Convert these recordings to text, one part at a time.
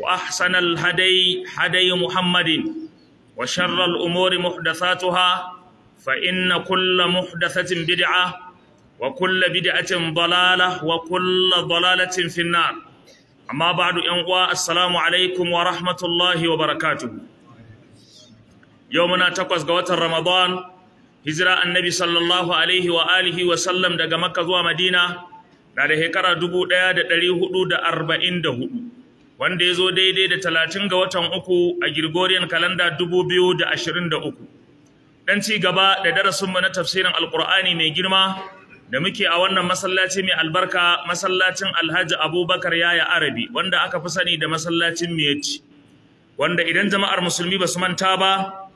وأحسن الهدي هدي محمد وشر الأمور محدثاتها فإن كل محدثة بدعة وكل بدعة ضلالة وكل ضلالة في النار أما بعد أنواع السلام عليكم ورحمة الله وبركاته يومنا تقوز قوات رمضان هجرة النبي صلى الله عليه وآله وسلم دقا مكة ومدينة na da shekara dubu ɗaya da ɗari hudu da arba'in da hudu wanda ya zo daidai da talatin ga watan uku a Gregorian kalanda dubu biyu da ashirin da uku. Ɗan ci gaba da darasinmu na tafsirin Alƙur'ani mai girma da muke a wannan masallaci mai albarka masallacin Alhaji Abubakar Yaya Arabi wanda aka fi sani da masallacin Miyaci. Wanda idan jama'ar musulmi ba su manta ba,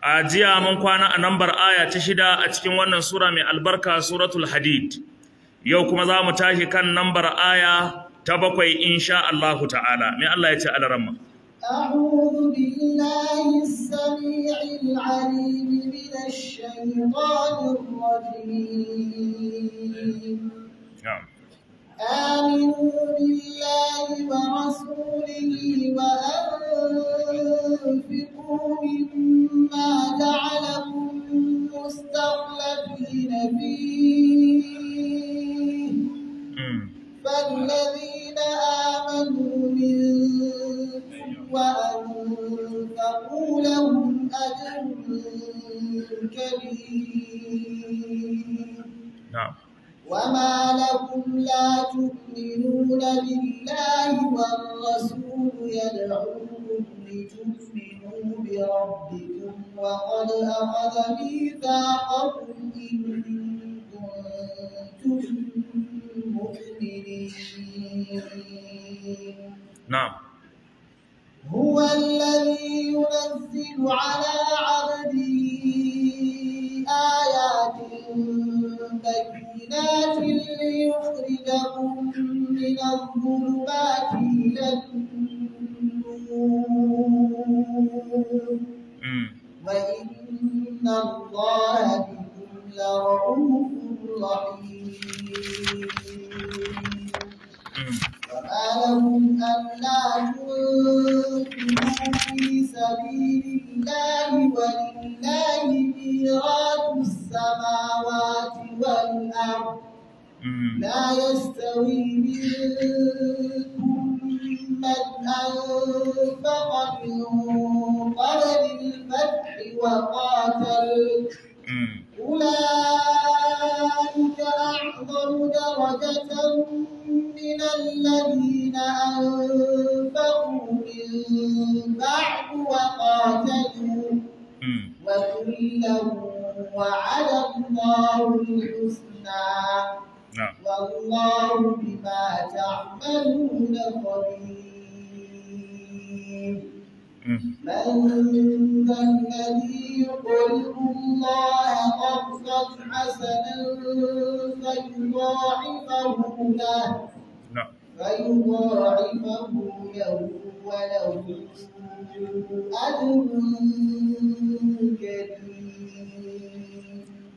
a jiya mun kwana a nambar aya ta shida a cikin wannan sura mai albarka suratul Hadid. Yau kuma za mu tashi kan nambar aya ta bakwai insha Allah ta'ala me Allah ya ce alaramma أعوذ بالله السميع العليم من الشيطان الرجيم نعم آمنوا بالله ورسوله وأنفقوا مما جعلكم مستخلفين فيه فالذين نعم وما لكم لا تؤمنون بالله والرسول يدعوكم لتؤمنوا بربكم وقد أخذ ميثاقكم إن كنتم مؤمنين نعم هو الذي ينزل على عبده آيات بينات ليخرجكم من الظلمات إلى النور وإن الله بكم لرؤوف رحيم فما لكم ألا تنفقوا في سبيل الله ولله ميراث السماوات والأرض لا يستوي منكم من أنفق من قبل الفتح وقاتل أولئك أعظم درجة من الذين أنفقوا من بعد وقاتلوا وكلا وعد الله الحسنى والله بما تعملون خبير ya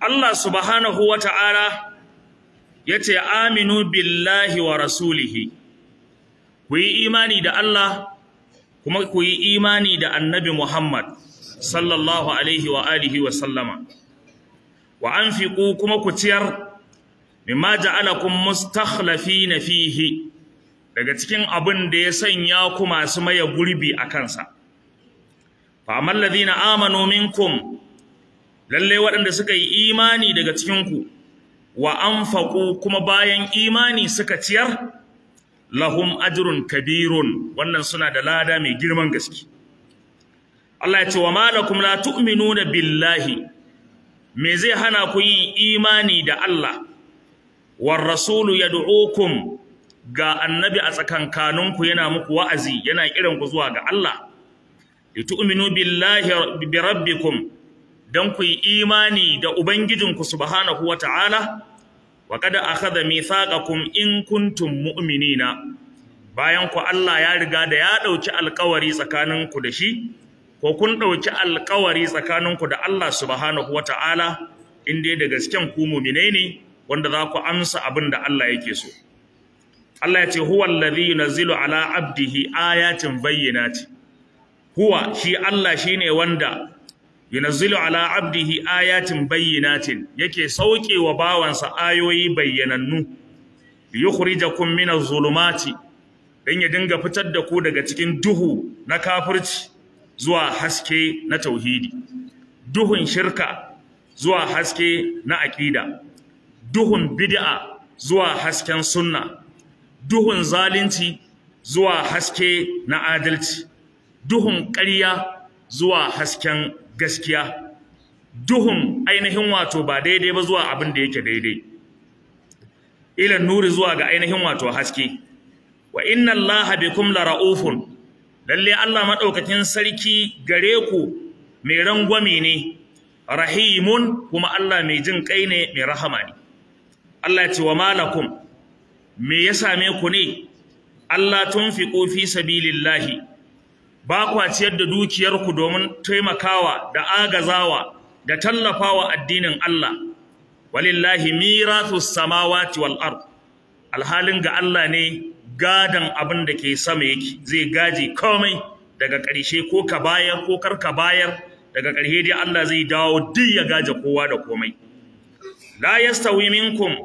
Allah subhanahu wa ta’ara ya ce, Aminu billahi wa rasulihi, ku yi imani da Allah. kuma ku yi imani da annabi Muhammad sallallahu alaihi wa alihi wa sallama wa anfiqu kuma ku ciyar mimma ja'alakum mustakhlafina fihi daga cikin abin da ya sanya ku masu maye gurbi a kansa fa amal ladina amanu minkum lalle waɗanda suka yi imani daga cikinku, ku wa anfaqu kuma bayan imani suka ciyar lahum ajrun kabirun wannan suna da lada mai girman gaske Allah ya ce wa malakum la tu'minuna billahi me zai hana ku yi imani da Allah war rasulu yad'ukum ga annabi a tsakankaninku yana muku wa'azi yana kiran ku zuwa ga Allah litu'minu billahi bi rabbikum dan ku yi imani da ubangijinku subhanahu wata'ala wa qad akhadha mithaqakum in kuntum mu'minina bayan ku Allah ya riga da ya dauki alƙawari tsakaninku da shi ko kun dauki alƙawari tsakaninku da Allah subhanahu wata'ala in dai da gasken ku mu'minai ne wanda za ku amsa abin da Allah yake so Allah ya ce huwa allazi yunzilu ala abdihi ayatin bayyinati huwa shi Allah shine wanda yunazzilu ala abdihi ayatin bayyinatin yake sauke wa bawansa ayoyi bayyanannu liyukhrijakum min adh-dhulumati dan ya dinga fitar da ku daga cikin duhu na kafirci zuwa haske na tauhidi duhun shirka zuwa haske na aqida duhun bid'a zuwa hasken sunna duhun zalunci zuwa haske na adalci duhun ƙarya zuwa hasken gaskiya duhun ainihin wato ba daidai ba zuwa abin da yake daidai ilan nuri zuwa ga ainihin wato haske wa inna allaha bikum la raufun lalle Allah madaukakin sarki gare ku mai rangwame ne rahimun kuma Allah mai jin kai ne mai rahama ne Allah ya ce wa malakum me ya same ku ne Allah tunfiqu fi sabilillahi ba kwa ciyar da dukiyarku domin taimakawa da agazawa da tallafawa addinin Allah walillahi mirathus samawati wal ard alhalin ga Allah ne gadan abin da ke sama yake zai gaji komai daga ƙarshe ko ka bayar ko kar ka bayar daga ƙarshe dai Allah zai dawo duk ya gaje kowa da komai la yastawi minkum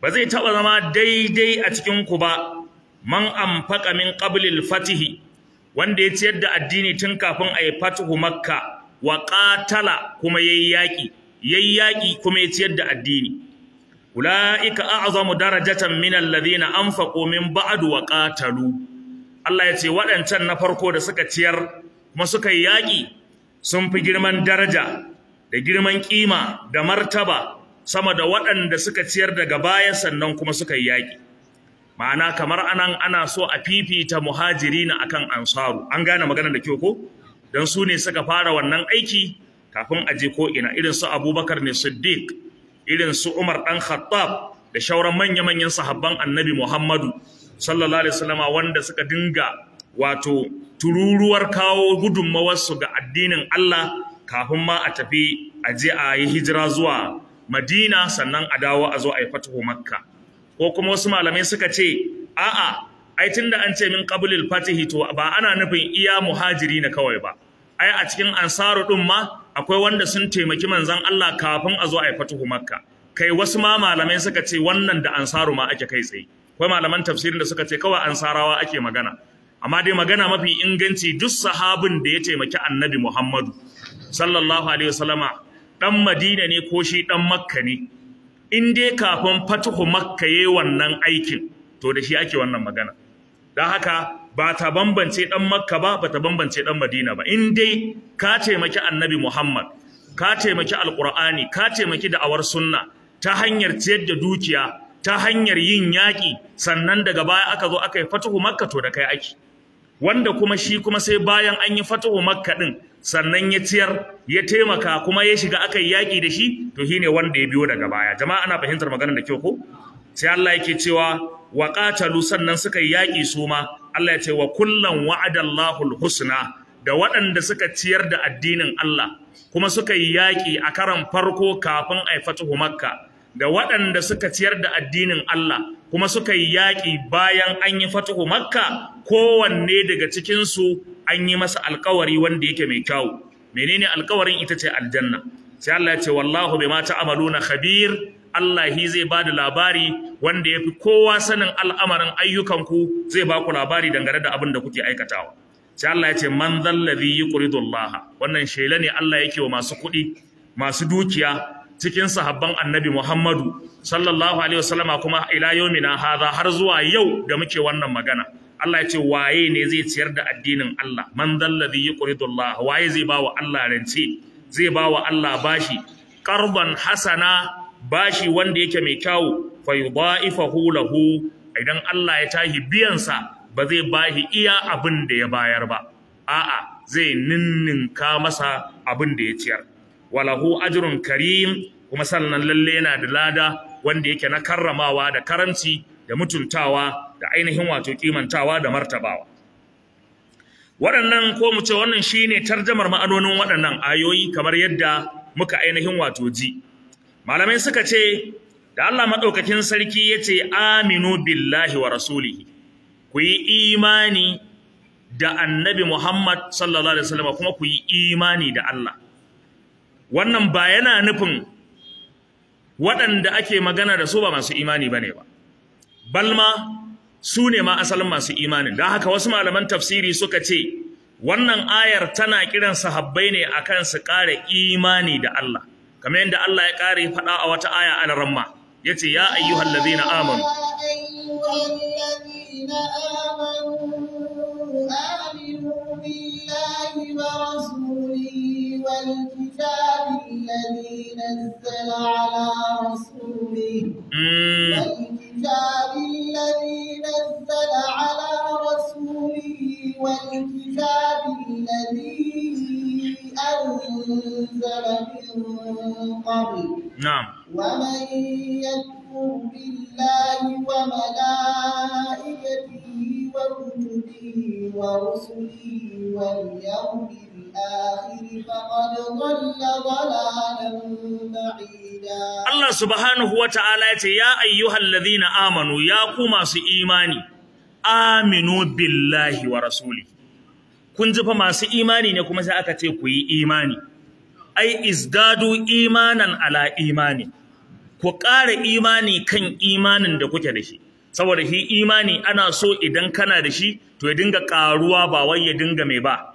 ba zai taɓa zama daidai a cikin ku ba man amfaka min qablil fatihi wanda ya ciyar da addini tun kafin a yi fatuhu makka wa qatala kuma yayi yaki yayi yaƙi kuma ya ciyar da addini ulaika a'zamu darajatan min alladhina anfaqu min ba'adu wa qatalu Allah ya ce waɗancan na farko da suka ciyar kuma suka yi yaki sun fi girman daraja da girman kima da martaba sama da waɗanda suka ciyar daga baya sannan kuma suka yi yaki ma'ana kamar anan ana so a fifita muhajirina akan ansaru an gane maganar da kyau ko dan su ne suka fara wannan aiki kafin aje ko ina irin su Abubakar ne Siddiq irin su Umar dan Khattab da shauran manya-manyan sahabban Annabi Muhammadu sallallahu alaihi wasallama wanda suka dinga wato tururuwar kawo su ga addinin Allah kafin ma a tafi aje a yi hijira zuwa Madina sannan a dawo a zo a yi fatahu Makka ko kuma wasu malamai suka ce a'a ai tunda an ce min qablil fatihi to ba ana nufin iya muhajiri na kawai ba ai a cikin ansaru din ma akwai wanda sun taimaki manzon Allah kafin a zo a yi fatuhu makka kai wasu ma malamai suka ce wannan da ansaru ma ake kai tsaye akwai malaman tafsirin da suka ce kawai ansarawa ake magana amma dai magana mafi inganci duk sahabin da ya taimaki annabi Muhammadu sallallahu alaihi wasallama dan Madina ne ko shi dan Makka ne in dai kafin fatuhu makka yayi wannan aikin to da shi ake wannan magana don haka ba ta bambance dan makka ba ba ta bambance dan madina ba in dai ka taimaki annabi muhammad ka taimaki alqur'ani ka taimaki da'awar sunna ta hanyar ciyar da dukiya ta hanyar yin yaƙi sannan daga baya aka zo aka yi fatuhu makka to da kai aiki wanda kuma shi kuma sai bayan an yi fatuhu makka din sannan ya ciyar ya taimaka kuma ya shiga aka yi yaƙi da shi to shine wanda ya biyo daga baya jama'a ana fahimtar maganar da kyau ko sai Allah yake cewa wa qatalu sannan suka yi yaƙi su ma Allah ya ce wa kullan wa'adallahu husna da waɗanda suka ciyar da addinin Allah kuma suka yi yaƙi a karan farko kafin a fatuhu makka da waɗanda suka ciyar da addinin Allah kuma suka yi yaƙi bayan an yi fatuhu makka kowanne daga cikinsu an yi masa alkawari wanda yake mai kyawu menene alkawarin ita ce aljanna sai Allah ya ce wallahu bima ta'maluna khabir Allah hi zai ba da labari wanda yafi kowa sanin al'amarin ayyukanku zai ba ku labari dangane da abin da kuke aikatawa sai Allah ya ce man zallazi yuqridullaha wannan shela ne Allah yake wa masu kuɗi masu dukiya cikin sahabban annabi Muhammadu sallallahu alaihi wasallama kuma ila haza hadha har zuwa yau da muke wannan magana Allah ya ce waye ne zai ciyar da addinin Allah man dalladhi yuqridu waye zai bawa Allah rance zai bawa Allah bashi qarban hasana bashi wanda yake mai kyau fa yudaifahu lahu idan Allah ya tahi biyan sa ba zai ba shi iya abin da ya bayar ba a'a zai ninninka masa abin da ya ciyar walahu ajrun karim kuma sannan lalle yana da lada wanda yake na karramawa da karanci da mutuntawa da ainihin wato kimantawa da martabawa waɗannan ko mu ce wannan shine tarjamar ma'anonin waɗannan ayoyi kamar yadda muka ainihin wato ji malamai suka ce da Allah maɗaukakin sarki ya ce aminu billahi wa rasulihi ku yi imani da annabi Muhammad sallallahu alaihi wasallam kuma ku yi imani da Allah wannan ba yana nufin waɗanda ake magana da su ba masu imani bane ba balma su ne ma asalin masu imanin don haka wasu malaman tafsiri suka ce wannan ayar tana kiran sahabbai ne akan su kare imani da Allah kamar yadda Allah ya kare faɗa a wata aya a ramma yace ya ayyuhal ladina amanu آمنوا آمنوا بالله والكتاب الذي نزل على رسوله والكتاب الذي نزل على رسوله والكتاب الذي أنزل من قبل نعم ومن يكفر بالله وملائكته وكتبه ورسله واليوم Allah subhanahu wa ta'ala ya ce, Ya ayyuhal ladhina amanu, ya ku masu imani, aminu billahi wa rasuli. Kun ji fa masu imani ne kuma sai aka ce ku yi imani. Ai, izdadu imanan ala imani, ku ƙara imani kan imanin da kuke da shi. Saboda shi imani ana so idan kana da shi, to ya dinga ƙaruwa ba wai ya dinga mai ba.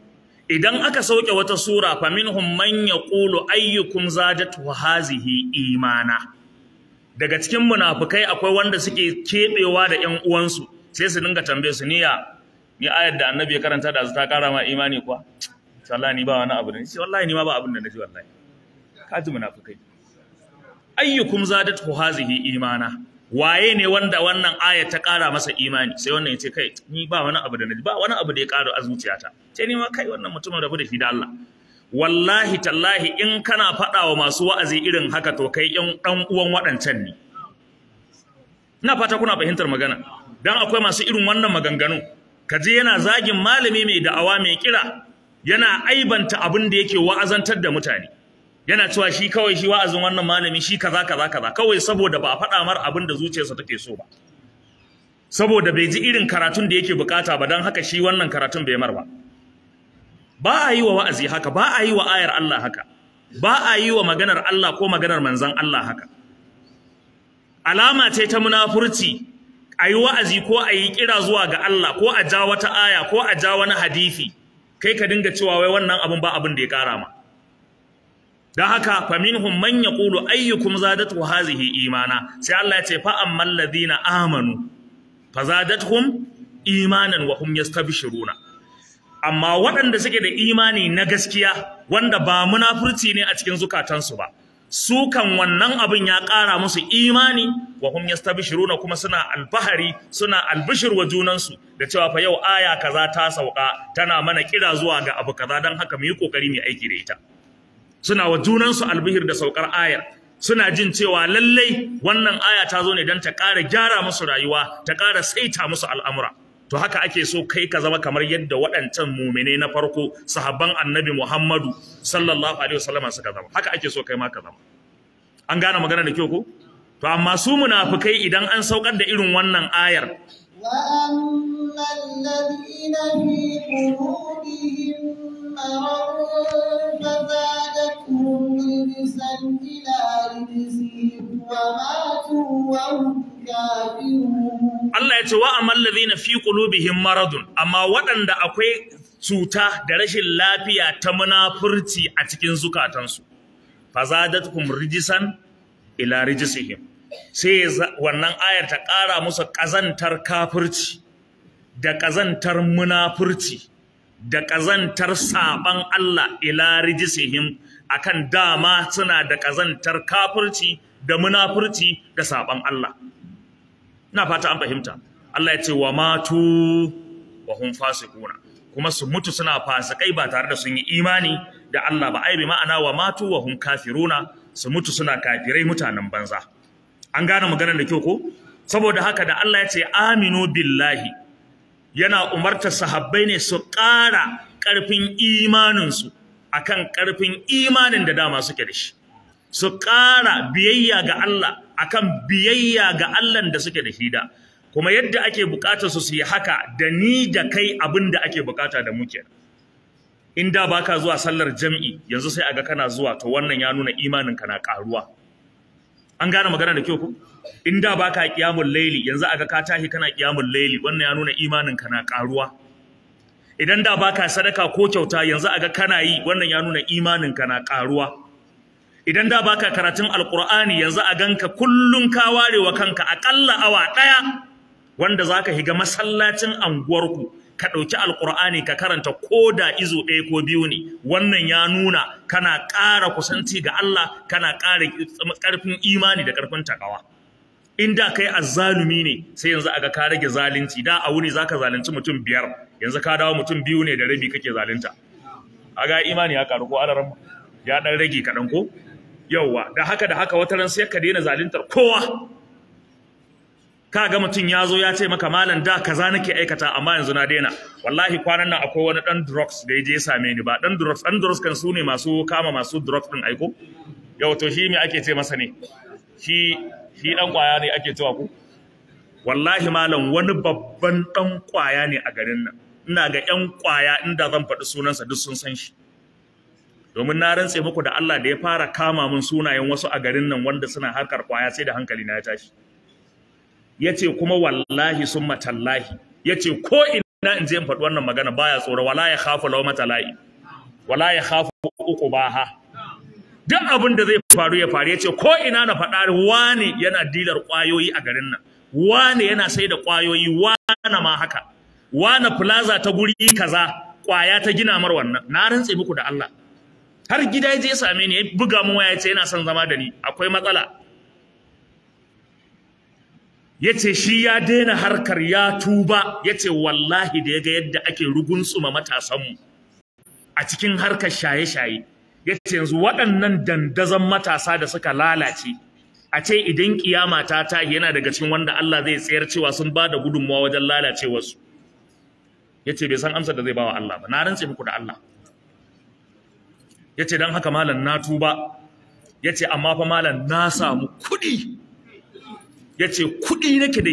idan aka sauke wata sura fa minhum man yaqulu ayyukum wa hazihi imana daga cikin munafikai akwai wanda suke kebewa da ƴan uwansu sai su dinga tambaye su niya ni ayar da annabi ya karanta da ta kara ma imani kuwa wallahi ni ba wani abu ne wallahi ni ma ba abin da naji wallahi kaji munafikai ayyukum wa hazihi imana waye ne wanda wannan aya ta ƙara masa imani sai wannan ya ce kai ni ba wani abu da na ba wani abu da ya ƙara a zuciyata sai ni ma kai wannan mutumin rabu da shi da Allah wallahi tallahi in kana faɗa wa masu wa'azi irin haka to kai ƴan ɗan uwan waɗancan ne ina fata kuna fahimtar magana dan akwai masu irin wannan maganganu Ka kaje yana zagin malami mai da'awa mai kira yana aibanta abin da yake wa'azantar da mutane yana cewa shi kawai shi wa'azin wannan malami shi kaza kaza kaza kawai saboda ba a faɗa mar abin da zuciyarsa take so ba saboda bai ji irin karatun da yake bukata ba dan haka shi wannan karatun bai mar ba ba a yi wa wa'azi haka ba a yi wa ayar Allah haka ba a yi wa maganar Allah ko maganar manzon Allah haka alama ce ta munafurci a yi wa'azi ko a yi kira zuwa ga Allah ko a ja wata aya ko a ja wani hadisi kai ka dinga cewa wai wannan abin ba abin da ya kara ma don haka faminhum manya ƙulu ayyukum zadatu hazihi imana sai Allah ya ce fa’an mallazi na amanu hun imanin wa hum bishiruna. amma waɗanda suke da imani na gaskiya wanda ba munafurci ne a cikin zukatansu ba su kan wannan abin ya ƙara musu imani wa ta bishiruna kuma suna alfahari, suna albishir wa junansu da cewa fa yau aya kaza ta sauka tana mana kira zuwa ga abu kaza don haka mu yi ƙoƙari mu aiki da ita suna wa junansu albihir da saukar ayar suna jin cewa lallai wannan aya ta zo ne don ta ƙara gyara musu rayuwa ta ƙara saita musu al'amura to haka ake so kai ka zama kamar yadda waɗancan mumine na farko sahabban annabi muhammadu sallallahu alaihi wasallam suka zama haka ake so kai ma ka zama an gane magana da kyau ko to amma su munafukai idan an saukar da irin wannan ayar وأما الذين Allah ya ce wa amal na fi qulubihim maradun amma waɗanda akwai cuta da rashin lafiya ta munafurci a cikin zukatansu fazadatkum rijisan ila rijisihim sai wannan ayar ta ƙara musu ƙazantar kafirci da ƙazantar munafurci da ƙazantar saɓan Allah ila rijisihim akan dama suna da ƙazantar kafirci da munafurci da saɓan Allah na fata an fahimta Allah ya ce wa matu wa fasi kuna, kuma su mutu suna fasikai ba tare da sun yi imani da Allah ba ai bi ma'ana wa matu wa hun kafiruna su mutu suna kafirai mutanen banza an gane maganar da kyau ko saboda haka da Allah ya ce aminu billahi yana umartar sahabbai ne su ƙara ƙarfin imaninsu akan ƙarfin imanin da dama suke da shi su ƙara biyayya ga Allah akan biyayya ga Allah da suke da shi da kuma yadda ake bukatar su su yi haka da ni da kai abinda ake bukata da muke in da baka zuwa sallar jam'i yanzu sai aga kana zuwa to wannan ya nuna imanin ka na karuwa an gane magana da kyau ku in da baka kiyamul laili yanzu aga ka tahi kana kiyamul laili wannan ya nuna imanin ka na karuwa idan da baka sadaka ko kyauta yanzu aga kana yi wannan ya nuna imanin ka na karuwa idan da baka karatun alqur'ani yanzu a ganka kullun ka warewa kanka akalla awa daya wanda zaka higa masallacin anguwarku ka ɗauki alƙur'ani ka karanta ko da izo ɗaya ko biyu ne wannan ya nuna kana ƙara kusanci ga Allah kana ƙara ƙarfin imani da ƙarfin takawa in da kai azzalumi ne sai yanzu aga ka rage zalunci da a wuni zaka zalunci mutum biyar yanzu ka dawo mutum biyu ne da rabi kake zalunta aga imani ya karu ko alaran ya dan rage kaɗan ko yawwa da haka da haka wataran ran sai ka daina zaluntar kowa ka ga mutum ya zo ya ce maka malam da kaza nake aikata amma yanzu na daina wallahi kwanan nan akwai wani dan drugs da ya je same ni ba dan drugs dan drugs kan su ne masu kama masu drugs din aiko yau to shi me ake ce masa ne shi shi dan kwaya ne ake cewa ku wallahi malam wani babban dan kwaya ne a garin nan ina ga yan kwaya inda zan faɗi sunansa duk sun san shi domin na rantse muku da Allah da ya fara kama mun sunayen wasu a garin nan wanda suna harkar kwaya sai da hankali na ya tashi yace kuma wallahi summa tallahi yace ko ina in je in faɗi wannan magana baya tsoro wala ya khafu lawmata la'i wala ya khafu ha? duk abin da zai faru ya faru yace ko ina na faɗa wani yana dilar kwayoyi a garin nan wani yana sai da kwayoyi wani ma haka wani plaza ta guri kaza kwaya ta gina mar wannan na rantse muku da Allah har gida ya je same ni ya buga mu waya yace yana son zama da ni akwai matsala yace shi ya daina harkar ya tuba yace wallahi da ya ga yadda ake tsuma matasanmu a cikin harkar shaye-shaye yace yanzu waɗannan dandazan matasa da suka lalace a ce idan kiyama ta ta yana daga cikin wanda Allah zai tsayar cewa sun ba da gudunmawa wajen lalacewar su yace bai san amsar da zai bawa Allah ba na rantse muku da Allah yace dan haka malam na tuba yace amma fa malam na samu kuɗi Ya ce, kuɗi nake da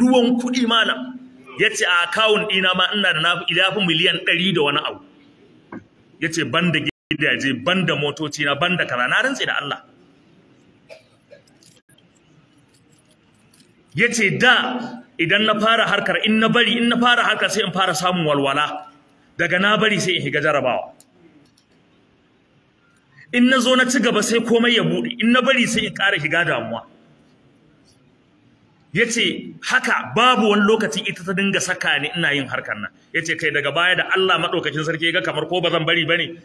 ruwan kuɗi malam ce a akawun ɗina ma ina da nafi miliyan ɗari da wani abu Ya ce ban da gidaje da motoci na ban da kara na rantse da Allah Ya ce da idan na fara harkar in na bari in na fara harkar sai in fara samun walwala daga na bari sai in higa jarabawa in na zo na ci gaba sai komai ya buɗe in na bari sai in ƙara higa damuwa Ya ce, haka babu wani lokaci ita ta dinga saka ni ina yin harkar nan Ya ce, kai daga baya da Allah maɗaukacin sarki ga kamar ko ba zan bari ba ne?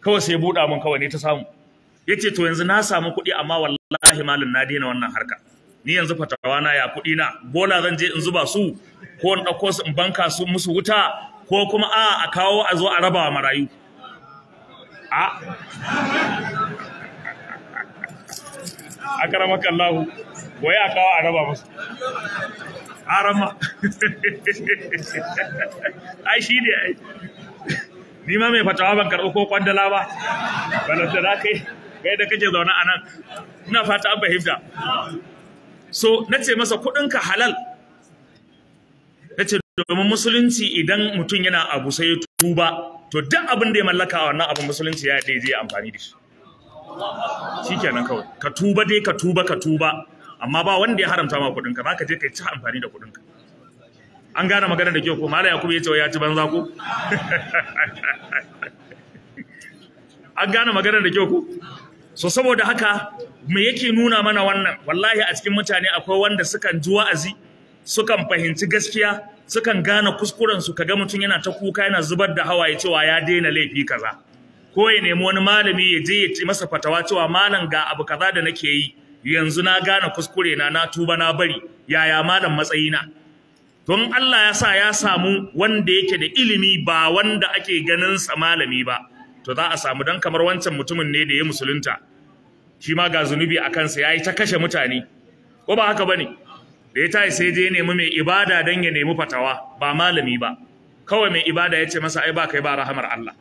kawai sai buɗa mun kawai ne ta samu Ya ce to yanzu na samu kuɗi amma wallahi malin na daina wannan harka ni yanzu fatawa na ya kuɗi na bola zan je in zuba su ko in ɗauko su in banka su musu wuta ko kuma a a kawo a zo a raba wa marayu a a karama kallahu wa ya kawo a raba musu arama ai shi ne ai ni ma mai fatawa ban karɓi ko kwandala ba balanta za kai kai da kake zaune a nan ina fata an fahimta so na ce masa kuɗinka halal na ce domin musulunci idan mutum yana abu sai ya tuba to duk abin da ya mallaka a wannan abin musulunci ya daidai amfani da shi nan kawai ka tuba dai ka tuba ka tuba amma ba wanda ya haramta ma kuɗinka ba ka je ka yi ci amfani da kuɗinka an gane magana da kyau ko mala yakubu ya ce ya ci banza ko an gane magana da kyau ko so saboda haka me yake nuna mana wannan wallahi a cikin mutane akwai wanda sukan ji wa'azi sukan fahimci gaskiya sukan gane kuskuren su kaga mutum yana ta kuka yana zubar da hawaye cewa ya daina laifi kaza ko ya nemi wani malami ya je ya masa fatawa cewa malam ga abu kaza da nake yi yanzu na gane kuskure na na tuba na bari yaya malam matsayina don Allah ya sa ya samu wanda yake da ilimi ba wanda ake ganin sa malami ba to za a samu dan kamar wancan mutumin ne da ya musulunta shi ma ga zunubi a kansa yayi ta kashe mutane ko ba haka bane da ya tayi sai je nemi mai ibada dan ya nemi fatawa ba malami ba kawai mai ibada ya ce masa ai ba kai ba rahamar Allah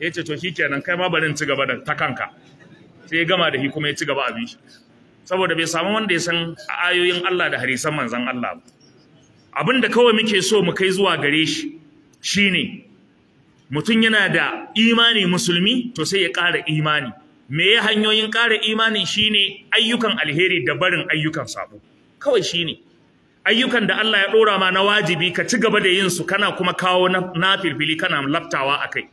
ya ce to shikenan kai ma barin ci gaba da ta kanka sai ya gama da shi kuma ya ci gaba a bishi saboda bai samu wanda ya san ayoyin Allah da harisan manzon Allah ba. abin da kawai muke so mu kai zuwa gare shi shine mutum yana da imani musulmi to sai ya ƙara imani me ya hanyoyin ƙara imani shine ayyukan alheri da barin ayyukan sabo kawai shine ayyukan da Allah ya ɗora ma na wajibi ka ci gaba da yin su kana kuma kawo na, na filfili kana laftawa akai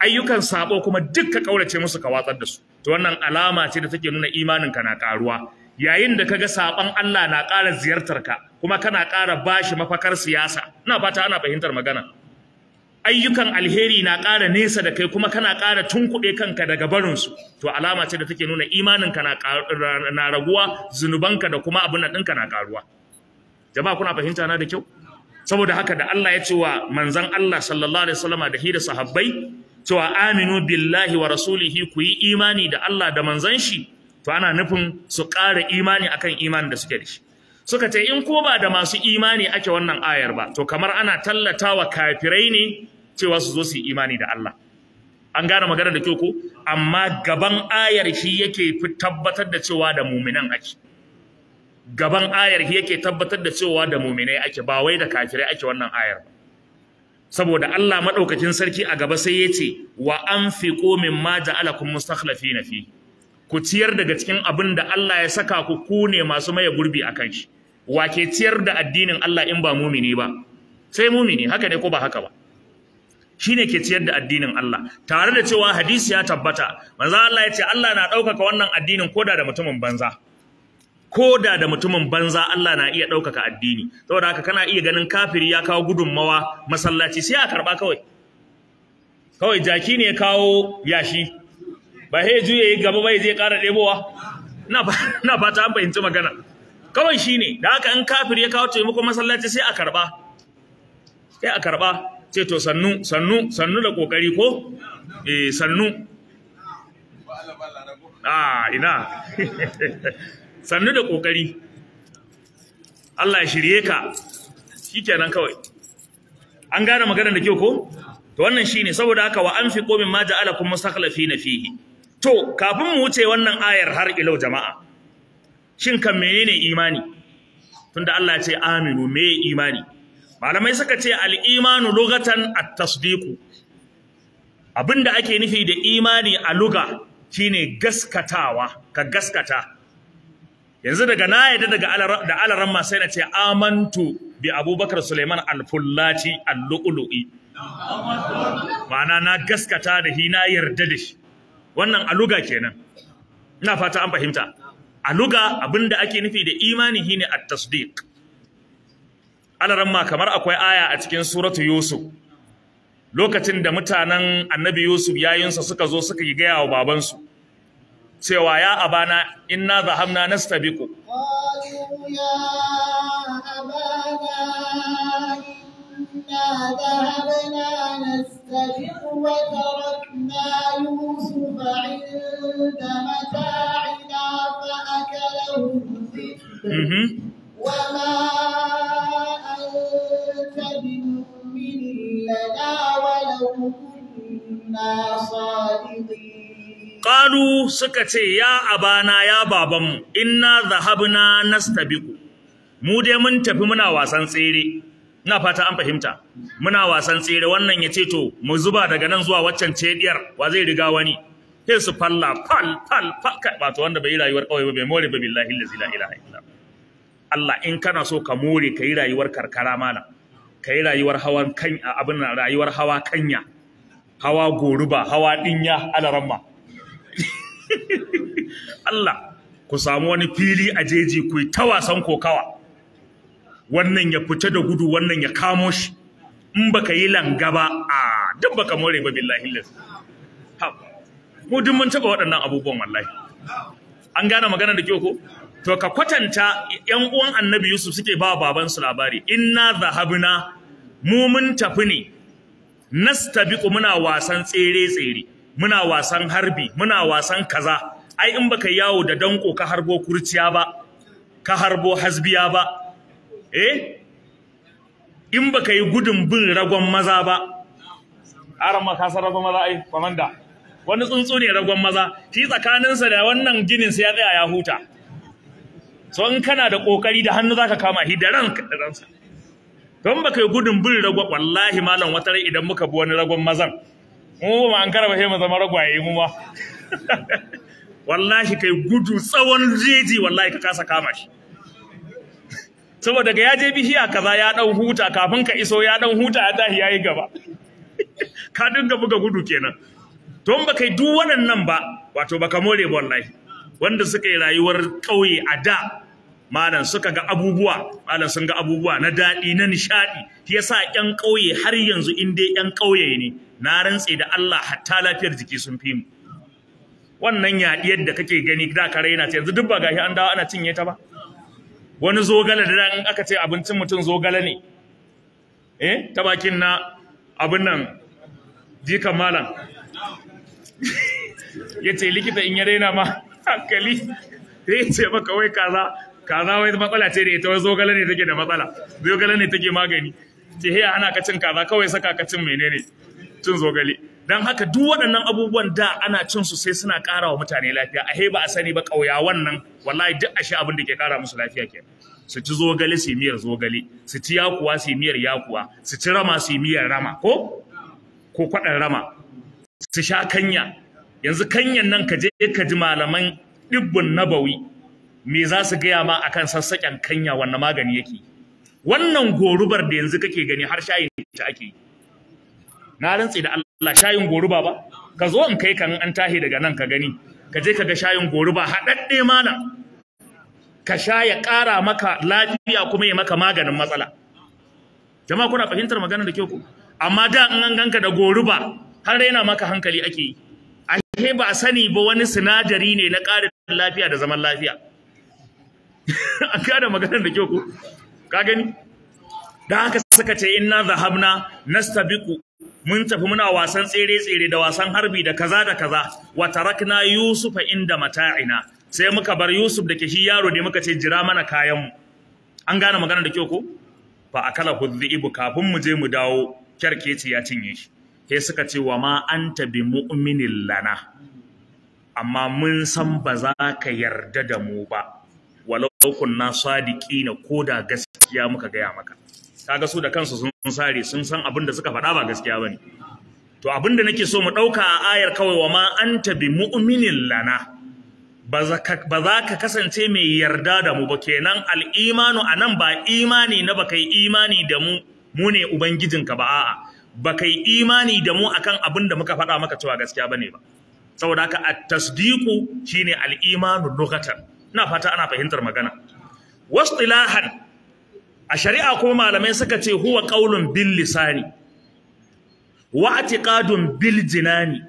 ayyukan sabo kuma duk ka kaurace musu ka watsar da su to wannan alama ce da take nuna imanin ka na karuwa yayin da kaga saban Allah na ƙara ziyartar ka kuma kana ƙara bashi mafakar siyasa ina fata ana fahimtar magana ayyukan alheri na ƙara nesa da kai kuma kana ƙara tunkuɗe kanka daga su to alama ce da take nuna imaninka na raguwa zunubanka da kuma abin ɗinka na karuwa jama'a kuna fahimta na da kyau saboda haka da Allah ya ce wa manzon Allah sallallahu alaihi wasallama da hira sahabbai cewa aminu billahi wa rasulihi ku yi imani da Allah da manzan shi to ana nufin su ƙara imani akan imani da suke da shi suka ce in ko ba da masu imani ake wannan ayar ba to kamar ana tallata wa kafirai ne cewa su zo su yi imani da Allah an gane magana da kyau ko amma gaban ayar shi yake tabbatar da cewa da muminan ake gaban ayar shi yake tabbatar da cewa da muminai ake ba wai da kafirai ake wannan ayar ba saboda Allah madaukakin sarki a gaba sai ya ce, wa an anfiqu mimma ja'alakum mustakhlifina fi ku ciyar daga cikin abin da Allah ya saka ku ku ne masu maye gurbi akan shi ke ciyar da addinin Allah in ba mumini ba sai mumini haka ne ko ba haka ba Shi ne ke ciyar da addinin Allah tare da cewa hadisi ya tabbata manzo Allah yace Allah na ɗaukaka wannan addinin koda da mutumin banza koda da mutumin banza Allah na iya ɗaukaka addini saboda haka kana iya ganin kafiri ya kawo gudunmawa masallaci sai a karɓa kawai kawai jaki ne ya kawo yashi ba he juye gaba bai zai ƙara ɗebowa na fata an fahimci magana kawai shine da haka in kafiri ya kawo taimako masallaci sai a karɓa sai a karɓa sai to sannu sannu sannu da ƙoƙari ko eh sannu ah ina sannu da kokari Allah ya shirye ka Shi kenan kawai an gane magana da kyau ko to wannan shi ne saboda haka wa anfiqu mimma ja'alakum na fihi to kafin mu wuce wannan ayar har ilau jama'a shin kan ne imani tunda Allah ya ce aminu me imani malamai suka ce al-imanu lughatan at-tasdiqu abinda ake nufi da imani a luga shine gaskatawa ka gaskata yanzu daga na yadda daga da alaran ma sai na ce amantu bi abubakar suleiman alfullati allu'ulu'i ma'ana na gaskata da hi na yarda da shi wannan aluga kenan ina fata an fahimta aluga abinda ake nufi da imani shine at-tasdiq alaran ma kamar akwai aya a cikin suratu yusuf lokacin da mutanen annabi yusuf yayinsa suka zo suka yi gaya wa babansu cewa ya abana inna zahamna nastabiku qalu ya Ƙalu suka ce, Ya abana, ya babanmu, inna zahabna nastabiku. Mu dai mun tafi muna wasan tsere. Ina fata an fahimta. Muna wasan tsere wannan ya ce to mu zuba daga nan zuwa waccan cediyar wa zai riga wani. Sai su falla fal fal fal wato wanda bai rayuwar kawai ba bai more ba billahi la ilaha illa. Allah in kana so ka more ka yi rayuwar karkara mana. Ka yi rayuwar hawan kan abin rayuwar hawa kanya. Hawa goruba, hawa dinya alaramma. Allah ku samu wani fili a jeji ku yi ta wasan kokawa wannan ya fita da gudu wannan ya kamo shi in baka yi langa ba a duk baka more ba billahi lillahi mu duk mun taba waɗannan abubuwan wallahi an gane magana da kyau ko to ka kwatanta ƴan uwan annabi yusuf suke ba baban su labari inna zahabna mu mun tafi ne nastabiqu muna wasan tsere tsere muna wasan harbi muna wasan kaza ai in baka yawo da danko ka harbo kurciya ba ka harbo hasbiya ba eh in baka yi gudun bin ragon maza ba aran ma ragon maza ai komanda wani tsuntsu ne ragon maza shi tsakaninsa da wannan ginin sai ya tsaya ya huta so in kana da kokari da hannu zaka kama shi da ran ransa don baka yi gudun bin ragon wallahi malam wata rai idan muka bi wani ragon mazan mu ba an karaba sai mu zama ragwaye mu ba. wallahi kai gudu tsawon jeji wallahi ka kasa kama shi saboda ga ya je bishiya kaza ya dan huta kafin ka iso ya dan huta ya tahi yayi gaba ka dinga buga gudu kenan don ba kai duk wannan ba wato baka more wallahi wanda suka yi rayuwar ƙauye a da malam suka ga abubuwa malam sun ga abubuwa na daɗi na nishaɗi yasa ƴan ƙauye har yanzu in dai ƴan ƙauye ne na rantse da Allah hatta lafiyar jiki sun fi mu wannan yaɗiyar da kake gani da ka raina ta yanzu duk ba gashi an dawo ana cinye ta ba wani zogale da in aka ce abincin mutum zogale ne eh ta bakin na abin nan jikan malam ya ce likita in ya raina ma hankali ya ce maka wai kaza kaza wai matsala ce da ita wai zogale ne take da matsala zogale ne take magani ce he ana ka cin kaza kawai saka ka cin menene cin zogale don haka duk waɗannan abubuwan da ana cin su sai suna ƙara wa mutane lafiya a ba a sani ba ƙauyawan wannan wallahi duk ashe abin da ke ƙara musu lafiya ke su ci zogale su miyar zogale su ci yakuwa su miyar yakuwa su ci rama su miyar rama ko ko kwaɗan rama su sha kanya yanzu kanyan nan ka je ka ji malaman ɗibbin nabawi me za su gaya ma akan sassaƙen kanya wannan magani yake wannan gorubar da yanzu kake gani har shayin ta ake yi na rantsi da Allah shayin goruba ba ka zo in kai kan an tahi daga nan ka gani ka je ka ga shayin goruba haɗaɗɗe mana ka sha ya ƙara maka lafiya kuma ya maka maganin matsala jama'a kuna fahimtar magana da kyau ku amma da in an ganka da goruba har yana maka hankali ake yi ashe ba sani ba wani sinadari ne na ƙarin lafiya da zaman lafiya an gane maganar da kyau ku ka gani da haka suka ce inna zahabna nastabiqu mun tafi muna wasan tsere-tsere da wasan harbi da kaza da kaza wa tarakna yusufa inda mata'ina sai muka bar yusuf da ke shi yaro ne muka ce jira mana kayan mu an gane magana da kyau ko fa akala ibu kafin mu je mu dawo kyarkeci ya cinye shi sai suka ce wa ma anta bi mu'minin lana amma mun san ba za ka yarda da mu ba walau kunna sadiqina koda gaskiya muka gaya maka kaga su da kansu sun sare sun san abin da suka faɗa ba gaskiya bane to abin da nake so mu ɗauka a ayar kawai wa ma anta bi mu'minin lana ba za ka kasance mai yarda da mu ba kenan al'imanu a nan ba imani na bakai imani da mu mu ne ubangijinka ba a'a ba yi imani da mu akan abin da muka faɗa maka cewa gaskiya bane ba saboda haka at-tasdiqu shine al-imanu lughatan ina fata ana fahimtar magana Wasu ilahan. a shari'a kuma malamai suka ce huwa qaulun bil lisani wa i'tiqadun bil jinani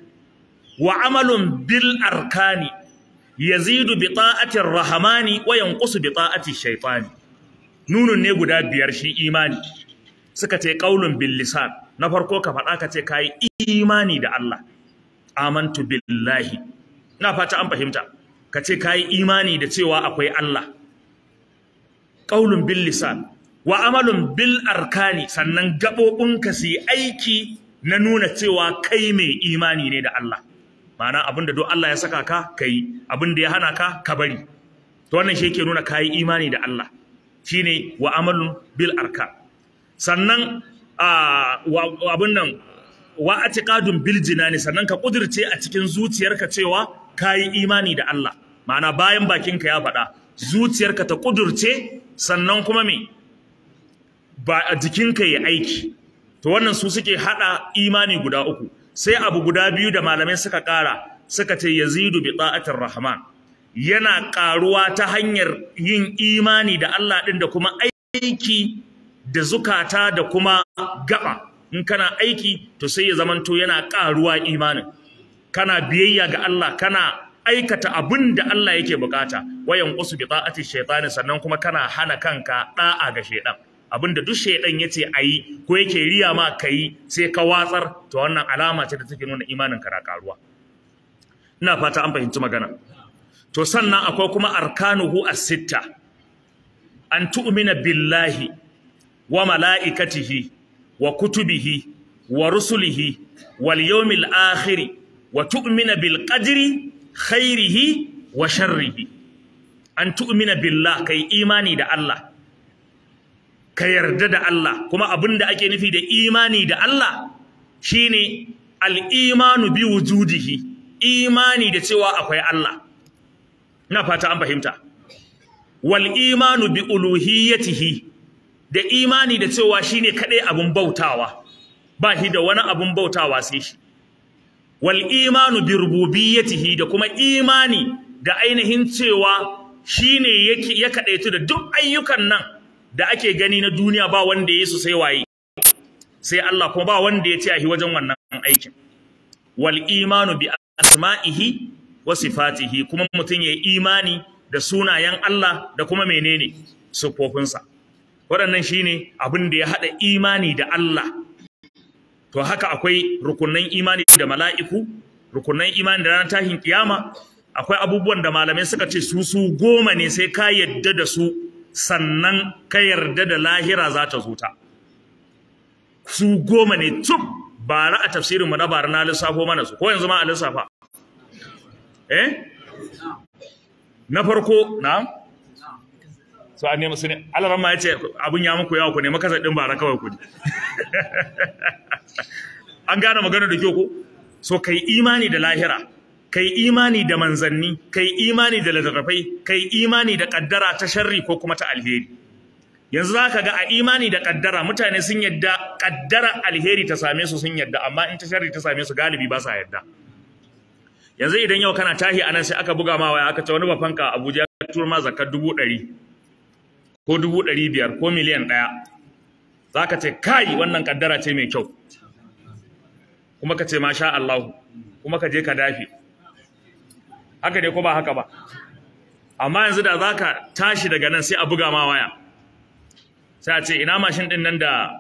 wa amalun bil arkani yazidu bi ta'atir rahmani wa yanqusu bi ta'ati shaytani nunun ne guda biyar shi imani suka ce qaulun bil lisan na farko ka faɗa ka ce kai imani da Allah amantu billahi na fata an fahimta ka ce kai imani da cewa akwai Allah qaulun bil lisan wa amalun bil arkani sannan gaɓoɓinka su yi aiki na nuna cewa kai mai imani ne da Allah ma'ana da duk Allah ya saka ka kai da ya hana ka ka bari to wannan shi yake nuna kai imani da Allah shine wa amalun bil arka sannan abin nan wa atiqadun bil jinani sannan ka kudirce a cikin zuciyarka cewa kai imani da Allah ma'ana bayan bakinka ya faɗa zuciyarka ta kudirce sannan kuma me ba a jikinka ya aiki to wannan su suke hada imani guda uku sai abu guda biyu da malamai suka kara suka ce yazidu bi ta'atir rahman yana karuwa ta hanyar yin imani da Allah din da kuma aiki da zukata da kuma gaba in kana aiki to sai ya zamanto yana karuwa imanin kana biyayya ga Allah kana aikata abin da Allah yake bukata wayan qusu bi ta'ati shaytani sannan kuma kana hana kanka da'a ga shaytan Abin da duk shaidan ya ce a yi ko yake riya ma ka yi sai ka watsar ta wannan alama ce da take nuna imanin ka na karuwa ina fata an fahimci magana to sannan akwai kuma arkanuhu a sitta an tu'mina billahi wa mala'ikatihi wa kutubihi wa rusulihi wal yawmil akhir wa tu'mina bil qadri khairihi wa sharrihi an tu'mina billah kai imani da Allah ka yarda da Allah kuma abin da ake nufi da imani da Allah shine alimanu bi wujudihi imani da cewa akwai Allah ina fata an fahimta wal imanu bi uluhiyatihi da imani da cewa shine kadai abin bautawa ba shi da wani abun bautawa sai shi wal imanu bi rububiyatihi da kuma imani da ainihin cewa shine ne ya kadaitu da duk ayyukan nan da ake gani na duniya ba wanda ya su sai waye sai Allah kuma ba wanda ya ahi wajen wannan aikin wal imanu bi asma'ihi wa sifatihi kuma mutum ya imani da sunayen Allah da kuma menene sufofinsa waɗannan shine abin da ya haɗa imani da Allah to haka akwai rukunan imani da mala'iku rukunan imani da ranar tahin kiyama akwai abubuwan da malamai suka ce su su goma ne sai ka yadda da su sannan ka yarda da lahira za ta zo ta su goma ne tun bara a tafsirinmu na bara na lissafo mana su ko yanzu ma a lissafa eh na farko na so a nema su ne alaran ma ya ce abin ya muku yawa ku nemi kasar ɗin bara kawai ku an gane magana da kyau ko so kai imani da lahira kai imani da manzanni kai imani da littattafai kai imani da kaddara ta sharri ko kuma ta alheri yanzu zaka ga a imani da kaddara mutane sun yadda kaddara alheri ta same su sun yadda amma in ta sharri ta same su galibi ba sa yadda yanzu idan yau kana tahi a nan sai aka buga ma waya aka ce wani bafanka Abuja ya turma zaka zakar dubu ɗari ko dubu ɗari biyar ko miliyan ɗaya Za ka ce kai wannan kaddara ce mai kyau kuma ka ce masha Allah kuma ka je ka dafe haka ne ko ba haka ba amma yanzu da za ka tashi daga nan sai a buga ma waya sai a ce ina mashin ɗin nan da